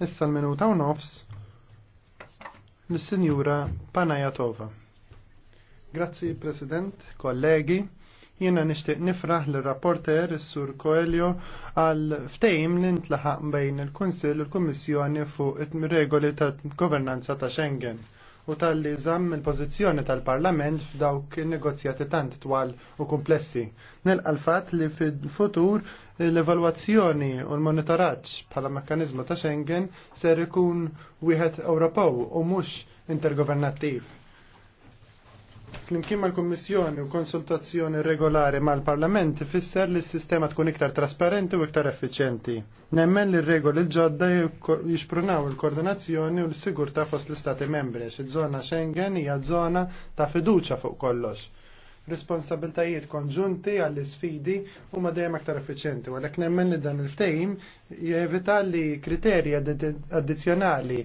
Issa l-minuta u nofs l-Sinjura Panajatova. Grazzi, President, kollegi. Jiena nishtiq nifraħ l-rapporter Sur Coelho għal ftejm li ntlaħaq bejn il-Kunsill u l-Kummissjoni fuq it-regoli ta' governanza ta' Schengen u tal-li zamm il-pozizjoni tal-Parlament f'dawk il-negozjati tant twal u komplessi. Nelqa l-fat li fil-futur l-evalwazzjoni u l-monitoraċ bħala mekkanizmu ta' Schengen ser ikun wieħed Ewropew u mhux intergovernattiv. Flimkien mal-Kummissjoni u konsultazzjoni regolari mal-Parlament ifisser li s-sistema tkun iktar trasparenti u iktar effiċenti. Nemmen li regoli ġodda jisprunaw il-koordinazzjoni u l-sigurta fost l-Istati membri xe żona Schengen hija żona ta' fiduċa fuq kollox. Responsabiltajiet konġunti għall sfidi u ma dejjem aktar effiċenti, għalhekk nemmen li dan il-ftehim jevita li kriterji addizzjonali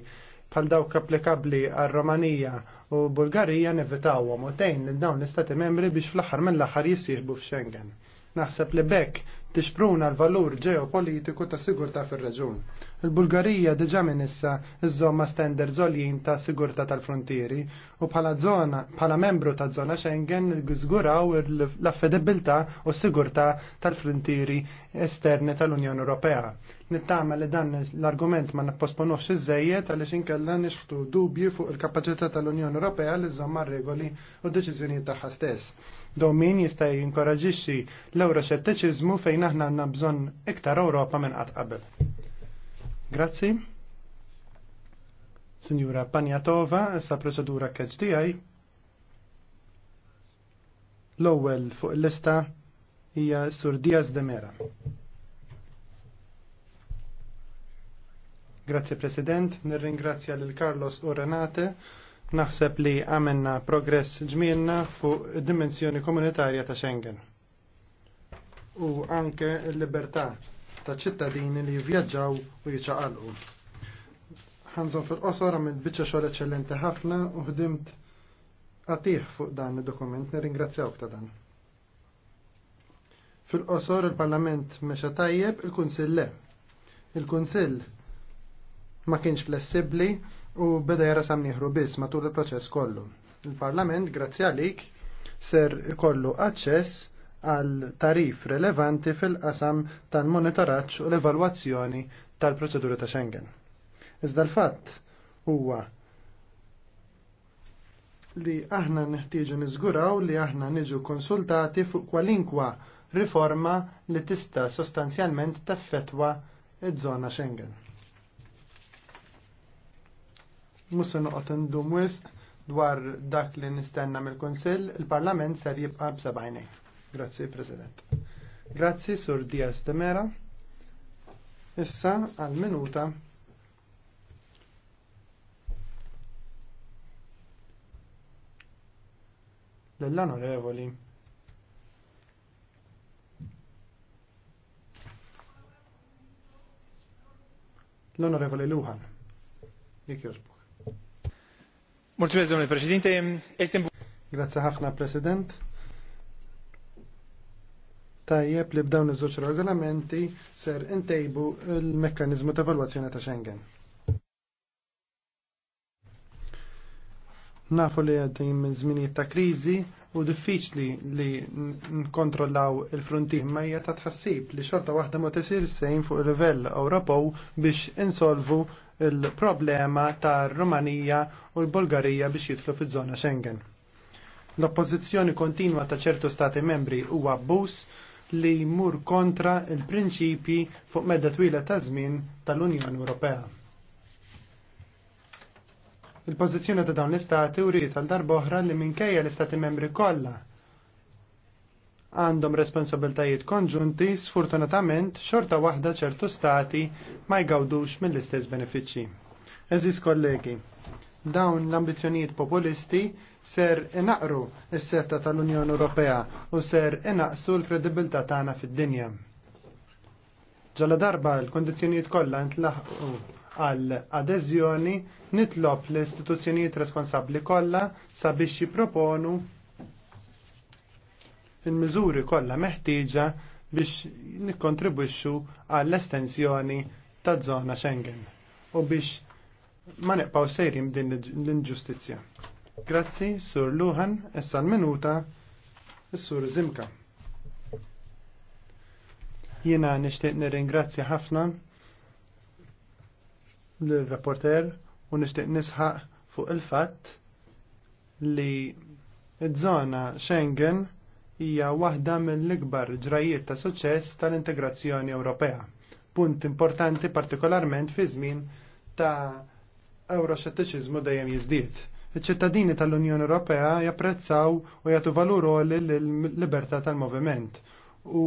bħal dawk applikabbli għal Romanija u Bulgarija nevitawhom u tgħin dawn l-istati membri biex fl-aħħar mill-aħħar jissieħbu f'Schengen. Naħseb li bekk tixpruna l-valur ġeopolitiku ta' sigurta fil-reġun. Il-Bulgarija diġa minn issa iżomma standard zoljin ta' sigurta tal-frontieri u bħala zona, bħala membru ta' zona Schengen żguraw l-affedibilta u sigurta tal-frontieri esterni tal-Unjoni Ewropea. Nittama li dan l-argument ma napposponux iżejjed għaliex inkella nixħtu dubji fuq il-kapaċità tal-Unjoni Ewropea li żomma regoli u deċiżjonijiet tagħha stess Domin jista' jinkoraġixxi l-euroxettiċiżmu fejn aħna għandna bżonn iktar Ewropa minn qatt qabel. Grazzi. Sinjura Panjatova, issa proċedura tiegħi. L-ewwel fuq il-lista hija Sur Diaz de Mera. Grazie President, nirringrazzja lil Carlos u Renate Naħseb li għamenna progress ġmienna fuq dimensjoni komunitarja ta' Schengen. U anke l-libertà ta' ċittadini li jivvjaġġaw u jċaqalqu. Ħanżon fil-qosor għamil biċċa xogħol eċċellenti ħafna u ħdimt għatiħ fuq dan id-dokument, nirringrazzjawk ta' dan. Fil-qosor il-Parlament meċa tajjeb, il-Kunsill le. Il-Kunsill ma kienx flessibli, u beda jara samniħru biss matul il-proċess kollu. Il-Parlament, grazzi għalik, ser kollu aċċess għal tarif relevanti fil-qasam tal monitoraċ u l-evalwazzjoni tal-proċeduri ta' Schengen. Iżda l-fatt huwa li aħna neħtieġu niżguraw li aħna niġu konsultati fuq kwalinkwa riforma li tista' sostanzjalment taffetwa iż-żona Schengen musa noqgħod ndum mwis dwar dak li nistenna mill konsell il-Parlament ser jibqa' Sabajnej. Grazzi, President. Grazzi, Sur Diaz de Mera. Issa għal minuta l-onorevoli l Luhan. Jek jożbu. Grazie ħafna, President. Tajjeb li b'dawn iż-żewġ regolamenti ser intejbu l-mekkaniżmu ta' evalwazzjoni ta' Schengen. Nafu li għaddim żminijiet ta' kriżi u diffiċli li nkontrollaw il-frontier ma hija ta' tħassib li xorta waħda ma tisir sejn fuq il-livell Ewropew biex insolvu il-problema tar rumanija u l-Bulgarija biex jidħlu fiż-żona Schengen. L-oppożizzjoni kontinwa ta' ċertu stati membri huwa abbuż li jmur kontra il-prinċipji fuq medda twila ta' żmien tal-Unjoni Ewropea. Il-pożizzjoni ta' dawn l-istati uriet għal darba oħra li minkejja l-istati membri kollha għandhom responsabiltajiet konġunti, sfortunatament xorta waħda ċertu stati ma jgawdux mill-istess benefiċċji. Eżis kollegi, dawn l-ambizjonijiet populisti ser inaqru s-setta tal-Unjoni Ewropea u ser inaqsu l kredibilta tagħna fid-dinja. Ġala darba l-kondizjonijiet kollha ntlaħqu għal adeżjoni nitlob l-istituzzjonijiet responsabbli kollha sabiex jipproponu il-miżuri kollha meħtieġa biex nikkontribwixxu għall-estensjoni taż-żona Schengen u biex ma neqpaw sejrim din l-inġustizzja. Grazzi, Sur Luhan, issa l-minuta, Sur Zimka. Jiena nixtieq nirringrazzja ħafna l-rapporter u nixtieq nisħaq fuq il-fatt li id-żona Schengen hija waħda mill-ikbar ġrajiet ta' suċċess tal-integrazzjoni Ewropea. Punt importanti partikolarment fi żmien ta' euroxettiċiżmu dejjem jiżdied. Iċ-ċittadini tal-Unjoni Ewropea japprezzaw u jagħtu valur lill-libertà tal-moviment u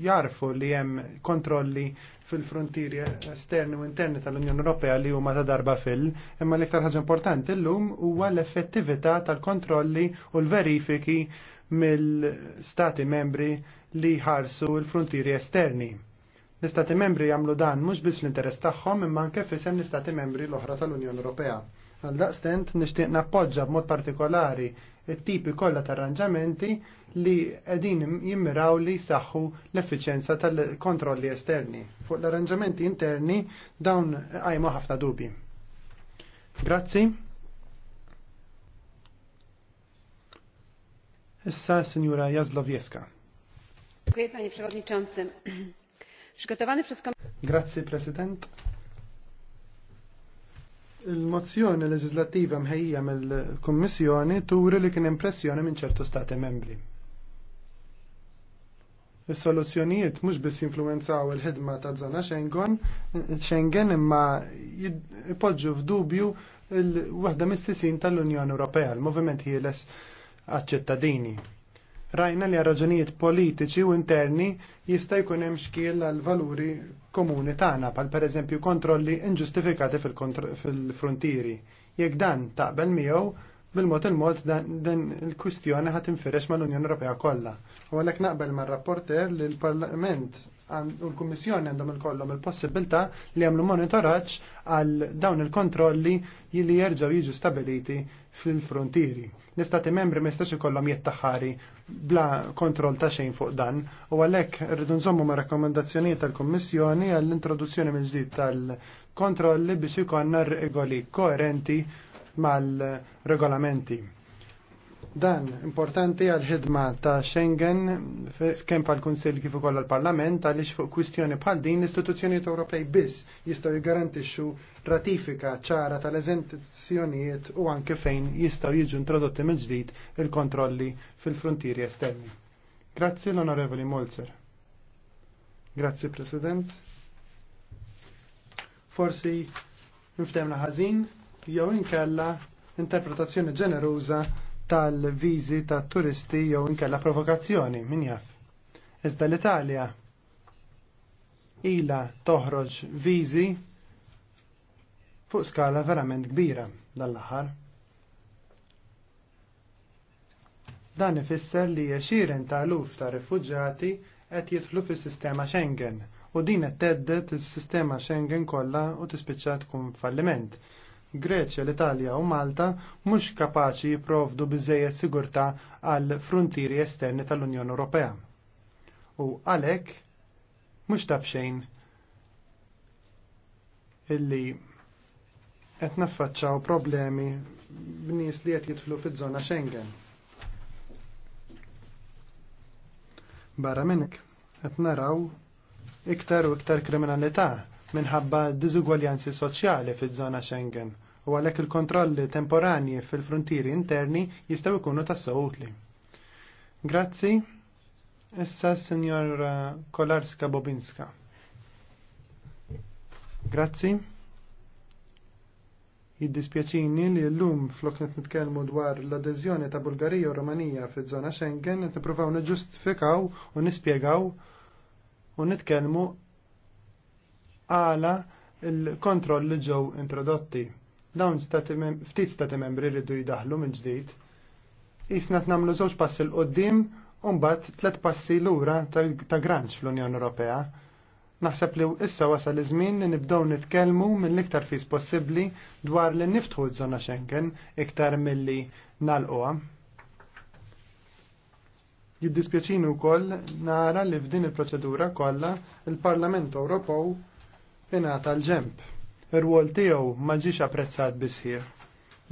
jarfu li hemm kontrolli fil-frontieri esterni u interni tal-Unjoni Ewropea li huma ta' darba fil, imma l-iktar ħaġa importanti llum huwa l-effettività tal-kontrolli u l-verifiki mill-stati membri li ħarsu l-frontieri esterni. L-istati membri jagħmlu dan mhux biss l-interess tagħhom imma anke fisem l-istati membri l-oħra tal-Unjoni Ewropea. Għal-daqstent nixtieq nappoġġa b'mod partikolari it-tipi kollha ta' arranġamenti li qegħdin jimmiraw li jsaħħu l-effiċenza tal-kontrolli esterni. Fuq l-arranġamenti interni dawn qajmu ħafna dubi. Grazzi. Issa Signora Jazlowieska. Dziękuję Panie Przewodniczący. Przygotowany przez Grazie President. Il-mozzjoni leġislattiva mħejja mill-Kommissjoni turi li kien impressjoni minn ċertu stati membri. Is-soluzzjonijiet mhux biss jinfluwenzaw il-ħidma ta' żona Schengen, Schengen imma jpoġġu f'dubju l-waħda mis-sisin tal-Unjoni Ewropea, l-Moviment Ħieles għal ċittadini Rajna li raġunijiet politiċi u interni jista' jkun hemm xkiel għal valuri komuni tagħna, bħal pereżempju kontrolli inġustifikati fil-frontieri. Jekk dan taqbel miegħu, bil-mod il-mod dan il-kwistjoni ħat infirex mal-Unjoni Ewropea kollha. U għalhekk naqbel mar-rapporter li l-Parlament u l-Kummissjoni għandhom il-kollhom il-possibilità li jagħmlu monitoraġġ għal dawn il-kontrolli li jerġgħu jiġu stabiliti fil-frontieri. L-istati membri ma jistax ikollhom jittaħħari bla kontroll ta' xejn fuq dan u għalhekk rridu nżommu ma' rakkomandazzjonijiet tal-Kummissjoni għall-introduzzjoni minn ġdid tal-kontrolli biex ikollna regoli koerenti mal-regolamenti. Dan importanti għal ħidma ta' Schengen kemm pal kunsill kif ukoll għall-Parlament għaliex fuq kwistjoni bħal din l-istituzzjonijiet Ewropej biss jistgħu jgarantixxu ratifika ċara tal-eżentizzjonijiet u anke fejn jistgħu jiġu introdotti mill ġdid il-kontrolli fil-frontieri esterni. Grazzi l-Onorevoli Molzer. Grazzi President. Forsi niftemna ħażin jew inkella interpretazzjoni ġeneruża tal-viżi ta' turisti jew inkella provokazzjoni, min jaf. Iżda l-Italja ila toħroġ viżi fuq skala verament kbira dal-aħħar. Dan ifisser li xiren ta' luf ta' rifugġati qed jidħlu fis-sistema Schengen u din qed teddet is-sistema Schengen kollha u tispiċċa tkun falliment Greċja, l-Italja u Malta mhux kapaċi jipprovdu biżejjed sigurtà għal frontieri esterni tal-Unjoni Ewropea. U għalhekk mhux taf xejn illi qed naffaċċaw problemi b'nies li qed jidħlu fiż-żona Schengen. Barra minnek qed naraw iktar u iktar kriminalità minħabba diżugwaljanzi soċjali fiż-żona Schengen u għalhekk il-kontrolli temporanji fil-frontieri interni jistgħu jkunu tassawutli. utli. Grazzi. Issa Signor sinjor Kolarska Bobinska. Grazzi. Jiddispjaċini li l-lum flok net nitkellmu dwar l-adeżjoni ta' Bulgarija u Romanija fiż-żona Schengen qed nippruvaw niġġustifikaw u nispjegaw u nitkellmu għala il-kontroll li ġew introdotti. Dawn ftit stati membri rridu jidaħlu minn ġdid. Isna nagħmlu żewġ passi l-qoddim u mbagħad tliet passi lura ta' granċ fl-Unjoni Ewropea. Naħseb li issa wasal iż-żmien li nibdew nitkellmu mill-iktar fis possibbli dwar li niftħu ż-żona Schengen iktar milli nalqoha. Jiddispjaċini wkoll nara li f'din il-proċedura kollha il-Parlament Ewropew ingħata l-ġemp. ir wol tiegħu ma ġiex apprezzat bisħieħ.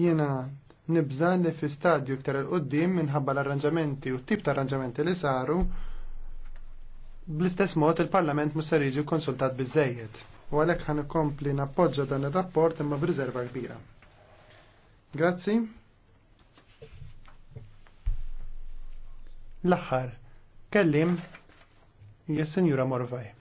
Jiena nibżan li fi stadju ktar il-qoddim minħabba l-arranġamenti u t-tip ta' arranġamenti li saru bl-istess mod il-Parlament musar jiġi konsultat bizzejiet. U għalhekk ħan ikompli nappoġġa dan ir-rapport imma b'riserva kbira. Grazzi. L-aħħar kellim hija Sinjura Morvaj.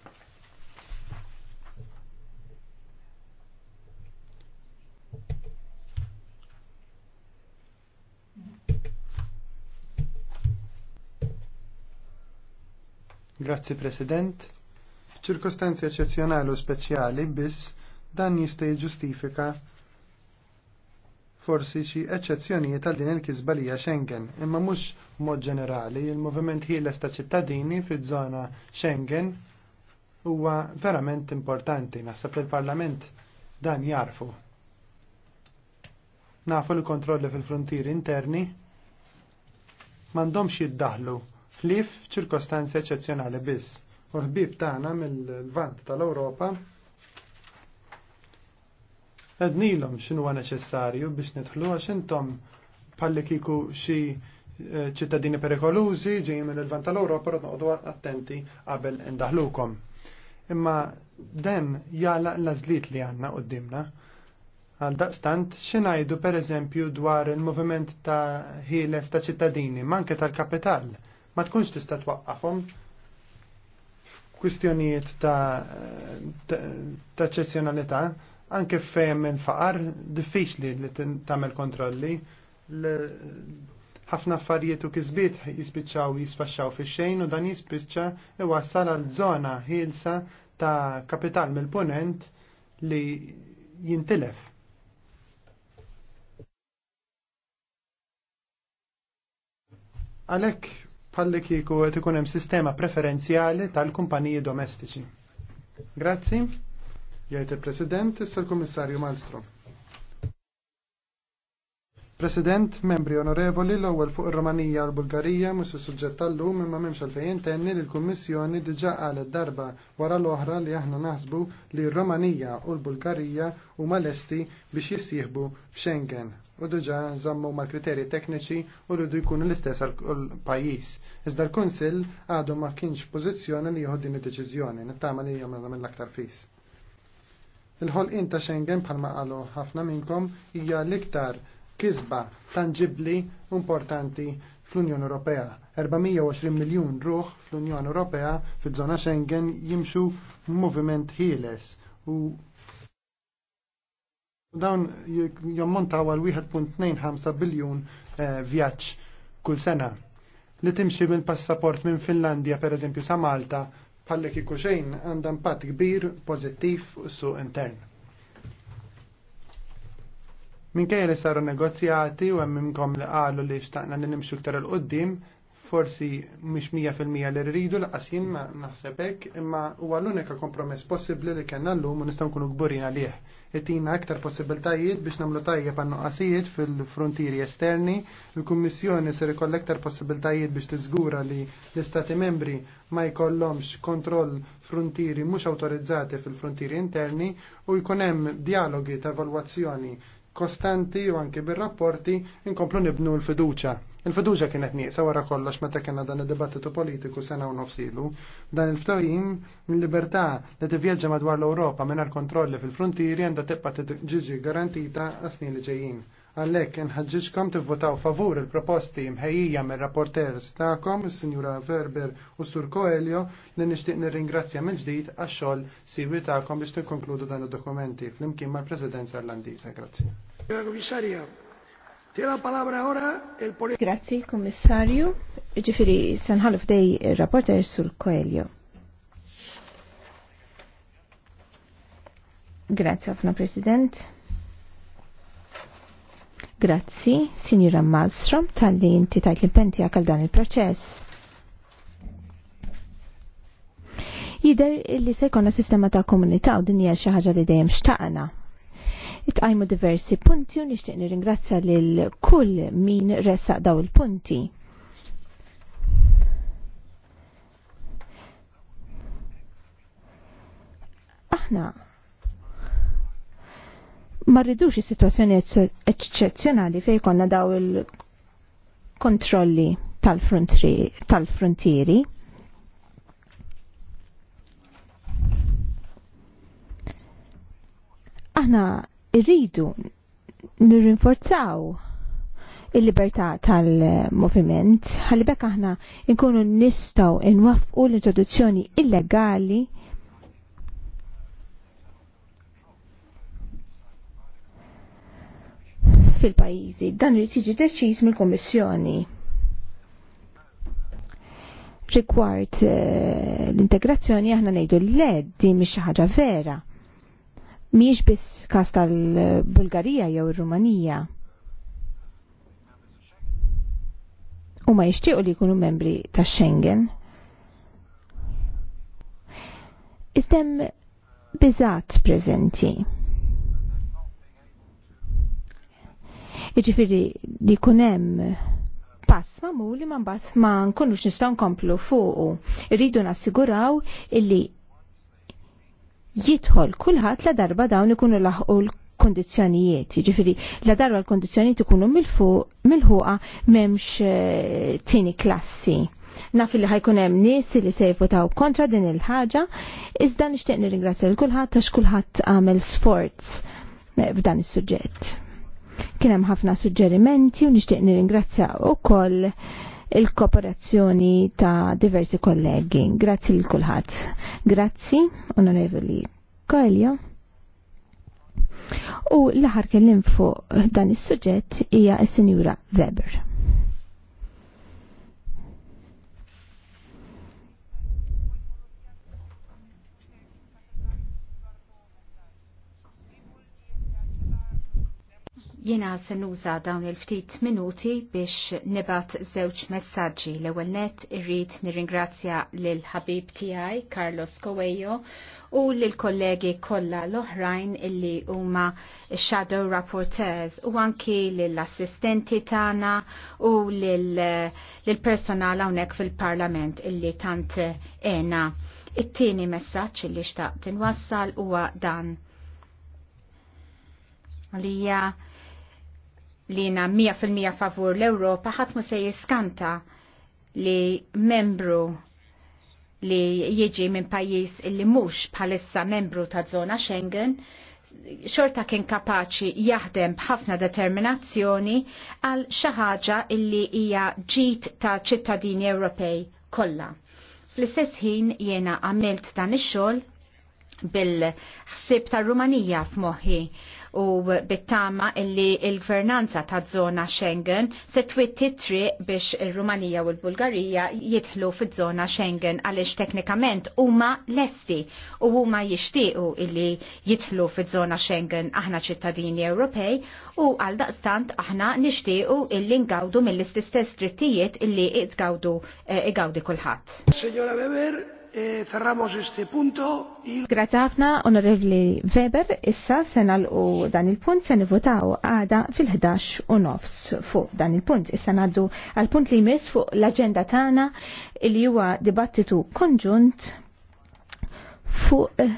Grazzi President. F'ċirkostanzi eċezzjonali u speċjali biss dan jista' jiġġustifika forsi xi eċċezzjonijiet għal din il-kisba li hija Schengen, imma mhux mod ġenerali, il-moviment ħieles ta' ċittadini fiż-żona Schengen huwa verament importanti, naħseb li l-Parlament dan jarfu. Nafu l-kontrolli fil-frontieri interni m'għandhomx jiddaħlu ħlief ċirkostanzi eċċezzjonali biss. U ħbib tagħna mill-vant tal-Ewropa ednilhom x'inhu neċessarju biex nidħlu għax intom palli kiku xi eh, ċittadini perikolużi ġejjin mill vant tal-Ewropa rod noqogħdu attenti qabel indaħlukom. Imma dan jala l-azlit li għandna qudiemna. għal daqstant xinajdu per eżempju dwar il-moviment ta' ħieles ta' ċittadini, manke tal-kapital ma tkunx tista' twaqqafhom F'kwistjonijiet ta' ċessjonalità anke fejn minn faqar diffiċli li tagħmel kontrolli ħafna affarijiet u kisbiet jispiċċaw jisfaxxaw fix-xejn u dan jispiċċa iwassal għal żona ħielsa ta' kapital mill-punent li jintilef. Għalhekk palli kiku qed ikunem sistema preferenziali tal-kumpaniji domestiċi. Grazzi, jgħid il-President, issa l-Kummissarju Malmstrom. President, membri onorevoli, l-ewwel fuq ir-Romanija u l-Bulgarija mhux is-suġġett tal-lum imma m'hemmx għalfejn tenni li l-Kummissjoni diġà qalet darba wara l-oħra li aħna naħsbu li r-Romanija u l-Bulgarija huma lesti biex jissieħbu f'Schengen u diġà żammu mal-kriterji tekniċi u rridu jkunu l-istess għall-pajjiż. Iżda l-Kunsill għadu ma kienx pożizzjoni li jieħu din id-deċiżjoni, nittama li hija minn l aktar fis. Il-ħolqien ta' Schengen bħalma qalu ħafna minnkom hija l-iktar kisba tangibli importanti fl-Unjoni Ewropea. 420 miljun ruħ fl-Unjoni Ewropea fiż-żona Schengen jimxu moviment ħieles u dawn jommontaw għal 1.25 biljun eh, vjaġġ kull sena. Li timxi mill passaport minn Finlandja per eżempju sa Malta, pallek ikku xejn għandha impatt kbir pożittiv suq intern. Minkejja li saru negozjati u hemmhom li qalu li xtaqna li nimxu il-ktar il qoddim forsi mhix mija fil-mija li rridu laqas jien naħseb hekk, imma huwa l-unika kompromess possibbli li kellna llum u nistgħu nkunu kburin għalih. Itina aktar possibiltajiet biex nagħmlu tajjeb għan nuqqasijiet fil-frontieri esterni, il-Kummissjoni ser ikoll aktar possibiltajiet biex tiżgura li l-Istati membri ma jkollhomx kontroll frontieri mhux awtorizzati fil-frontieri interni u jkun hemm dialogi ta' evalwazzjoni kostanti u anke bir-rapporti inkomplu nibnu l-fiduċa. Il-fiduċa kienet nieqsa wara kollox meta kena dan id-dibattitu politiku sena u nofsilu. Dan il-ftajim mill-libertà li tivvjaġġa madwar l-Ewropa mingħajr kontrolli fil-frontieri għandha tibqa' tiġi garantita għas-snin li ġejjin. Għallek, t tivvotaw favur il-proposti mħejjija me rapporters stakom, il-Sinjura Verber u Sur Coelho, li nishtiq nirringrazzja mill ġdid għaxxol siwi ta'kom biex tikkonkludu dan il dokumenti fl-imkien mal-Presidenza Irlandiża. Grazie. Komissarja, tira palabra ora il Grazzi, Kommissarju. Ġifiri, sanħalu f'dej il-rapporter Sur Coelho. Grazie, Fna President. Grazzi, Sinjura Malmstrom, tal-li inti tajt l-impenti għal dan il-proċess. Jider li se jkollna sistema ta' komunità u din hija xi ħaġa li dejjem xtaqna. Itqajmu diversi punti u nixtieq nirringrazzja lil kull min ressaq daw il-punti. Aħna ma rridux is-sitwazzjoni fej fejn konna daw il-kontrolli tal-frontieri. Aħna rridu nirrinforzaw il-libertà tal-moviment, għalli bekk aħna nkunu nistgħu nwaffqu l-introduzzjoni illegali fil pajizi Dan irid jiġi deċiż mill-Kummissjoni. Rigward eh, l-integrazzjoni aħna ngħidu l-LED di mhix xi ħaġa vera. Mhijiex biss każ tal-Bulgarija jew ir-Rumanija. U ma jixtiequ li jkunu membri ta' Schengen. Iżdem biżat preżenti Jiġifieri li jkun hemm pass magħmul li ma mbagħad ma nkunux nistgħu nkomplu fuqu. Irridu nassiguraw illi jidħol kulħadd la darba dawn ikunu laħqu l-kondizjonijiet. Jiġifieri la darba l-kondizjonijiet ikunu mill-fuq mill-ħuqa m'hemmx eh, tieni klassi naf li ħajkun hemm nies li se jivvotaw kontra din il-ħaġa, iżda nixtieq nirringrazzja l kulħadd għax kulħadd għamel sforz eh, f'dan is-suġġett kien hemm ħafna suġġerimenti u nixtieq nirringrazzja wkoll il-kooperazzjoni ta' diversi kollegi. Grazzi l kulħadd. Grazzi, onorevoli Koelio. U l-aħar kellim fuq dan is-suġġett hija s-Sinjura Weber. Jena nuża dawn il-ftit minuti biex nibat żewġ messaġġi. L-ewwel net irrid nirringrazzja l ħabib tiegħi Carlos Coelho u l kollegi kollha l-oħrajn illi huma shadow rapporteurs u anki lill-assistenti tagħna u lill-personal hawnhekk fil-Parlament illi tant għena. It-tieni messaġġ illi xtaqt tinwassal huwa dan. Għalija li jina 100% favur l-Europa mu se jiskanta li membru li jieġi minn pajis li mux bħalissa membru ta' zona Schengen xorta kien kapaċi jaħdem bħafna determinazzjoni għal xaħġa illi hija ġit ta' ċittadini Ewropej kollha. Fl-istess ħin jiena għamilt dan ix-xogħol bil-ħsieb tar-Rumanija f'moħħi u bittama illi il-gvernanza ta' zona Schengen se twitti triq biex il-Rumanija u l-Bulgarija jidħlu fi zona Schengen għalix teknikament huma lesti u huma jixtiequ illi jidħlu fi zona Schengen aħna ċittadini Ewropej u għal daqstant aħna nixtiequ illi ngawdu mill-istess drittijiet illi igawdu eh, igawdi kulħadd. Signora Weber, Eh, Grazie ħafna, onorevli Weber, issa senal u dan il-punt se nivotaw għada fil-11 u nofs fuq dan il-punt. Issa naddu għal-punt li jmiss fuq l-agenda tagħna li huwa dibattitu konġunt fuq eh,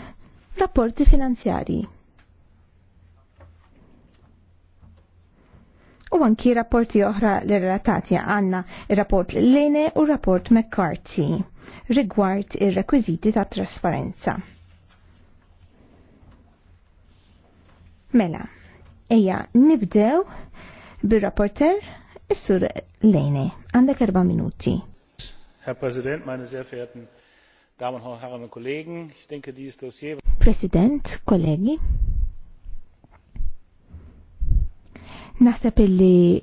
rapporti finanzjari. U anki rapporti oħra l-relatati għanna il-rapport Lene u rapport McCarthy rigward ir-rekwiżiti ta' trasparenza. Mela, eja nibdew bir-rapporter Is-Sur Lejne. Għandek erba' minuti. Herr Präsident, meine sehr verehrten Damen und Herren und Kollegen, ich denke, dieses Dossier... President, kollegi, Naħseb illi